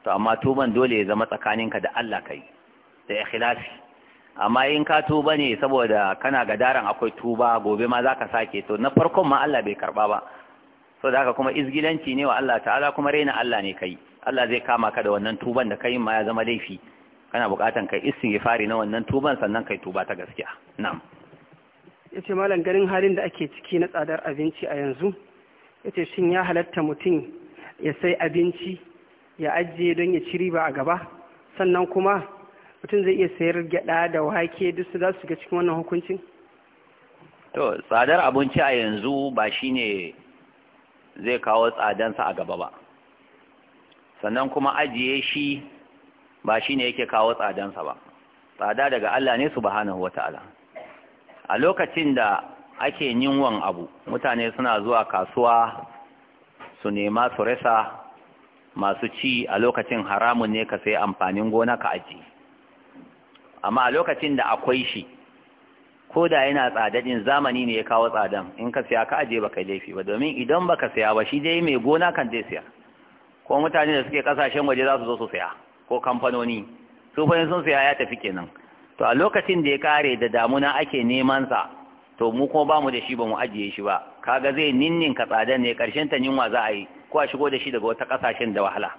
to amma tuban dole ya zama tsakanin ka da Allah kai da ikhlasi amma in ka tuba ne saboda kana gadaran akwai tuba gobe ma zaka sake to na farkon ma Allah bai karba ba so da haka kuma izgilanci ne wa Allah ta'ala kuma raina Allah ne kai Allah zai kama ka da wannan tuban da kai ma ya zama laifi kana bukatan kai istighfari na wannan tuban sannan kai tuba ta gaskiya na'am yace malam garin halin da ake ciki na tsadar abinci a yanzu yace shin ya halatta mutum ya sai abinci ya ajiye don ya ci riba a gaba sannan kuma mutum zai iya sayar gyada da wake duk su za su ga cikin wannan hukuncin to tsadar abinci a yanzu ba shine zai kawo tsadansa a gaba ba sannan kuma ajiye shi ba shi ne yake kawo tsadansa ba tsada daga Allah ne subhanahu wata'ala a lokacin da ake yinwan abu mutane suna zuwa kasuwa su nema su rasa masu ci a lokacin haramun ne ka sai amfanin gona ka ajiye amma a lokacin da akwai shi ko da yana tsadadin zamani ne ya kawo tsadan in ka siya ka aje baka laifi ba domin idan baka siya ba shi dai mai gona kan dai siya ko mutane da suke kasashen waje za su zo su siya ko kamfanoni su fa sun siya ya tafi kenan to a lokacin da ya kare da damuna ake neman sa to mu kuma bamu da shi ba mu ajiye shi ba kaga zai ninnin ka tsadan ne karshen ta yunwa za a yi ko a shigo da shi daga wata kasashen da wahala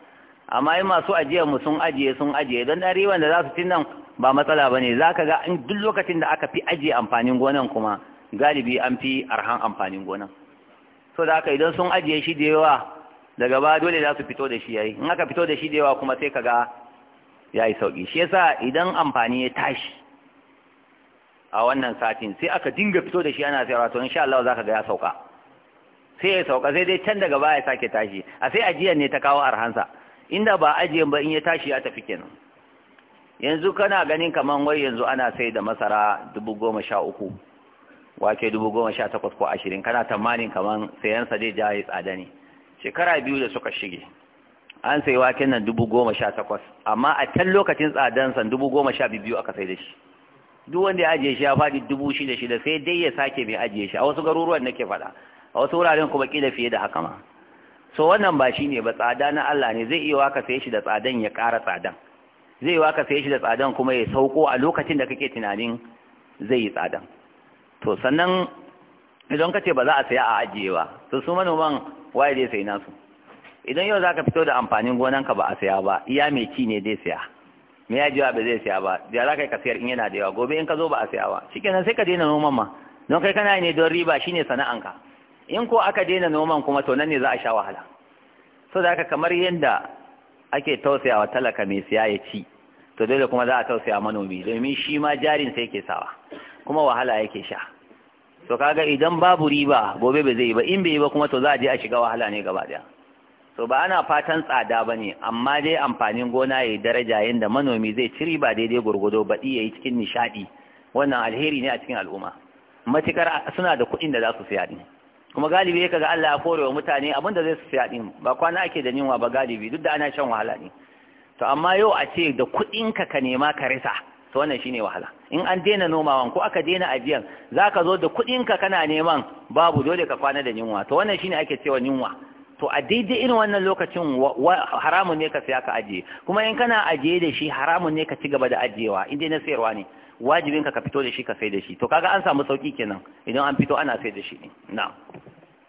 amma in masu ajiyar mu sun ajiye sun ajiye don ɗan riban da za su tin nan ba matsala ba ne za ka ga duk lokacin da aka fi ajiye amfanin gonan kuma galibi an fi arhan amfanin gonan so da aka idan sun ajiye shi da yawa daga ba dole za su fito da shi yayi in aka fito da shi da yawa kuma sai ka ga ya yi sauƙi shi yasa idan amfani ya tashi a wannan satin sai aka dinga fito da shi ana sayarwa to insha Allah za ka ga ya sauka sai ya sauka sai dai can daga baya sake tashi a sai ajiyar ne ta kawo arhansa inda ba ajiyar ba in ya tashi ya tafi kenan yanzu kana ganin kaman wai yanzu ana sai da masara dubu goma sha uku wake dubu goma sha takwas ko ashirin kana tamanin kaman sayansa zai ja ya tsada ne shekara biyu da suka shige an sai waken nan dubu goma sha takwas amma a can lokacin tsadansa dubu goma sha biyu aka sai da shi duk wanda ya ajiye shi ya faɗi dubu shida shida sai dai ya sake mai ajiye shi a wasu garuruwan nake faɗa a wasu wuraren kuma kila fiye da haka ma so wannan ba shi ne ba tsada na Allah ne zai iya waka sai shi da tsadan ya ƙara tsadan zai wa ka sai shi da tsadan kuma ya sauko a lokacin da kake tunanin zai yi tsadan to sannan idan ka ce ba za a saya a ajiye ba to su manoman waye dai sai nasu idan yau za ka fito da amfanin gonanka ba a saya ba iya mai ci ne dai saya me ya jiwa ba zai saya ba da za ka yi kasiyar in yana da yawa gobe in ka zo ba a saya ba shikenan sai ka daina noman ma don kai kana ne don riba shine sana'anka in ko aka daina noman kuma to nan ne za a sha wahala so da haka kamar yadda ake tausayawa talaka mai siya ya ci to dole kuma za a tausaya manomi domin shi ma jarin sai ke sawa kuma wahala yake sha to kaga idan babu riba gobe ba zai yi ba in bai yi ba kuma to za a je a shiga wahala ne gaba daya to ba ana fatan tsada ba ne amma dai amfanin gona ya yi daraja yadda manomi zai ci riba daidai gurgudo baɗi ya yi cikin nishaɗi wannan alheri ne a cikin al'umma matukar suna da kuɗin da za su siya ɗin kuma galibi ya kaga Allah ya kore wa mutane abin da zai su siya ɗin ba kwana ake da niwa ba galibi duk da ana shan wahala ne to amma yau a ce da kuɗinka ka nema ka risa to wannan shine wahala in an daina nomawan ko aka daina ajiyan zaka zo da kuɗinka kana neman babu dole ka kwana da yunwa to wannan shine ake cewa yunwa to a daidai irin wannan lokacin haramun ne ka saya ka ajiye kuma in kana ajiye da shi haramun ne ka ci gaba da ajiyewa in dai na sayarwa ne wajibinka ka fito da shi ka sai da shi to kaga an samu sauki kenan idan an fito ana sai da shi na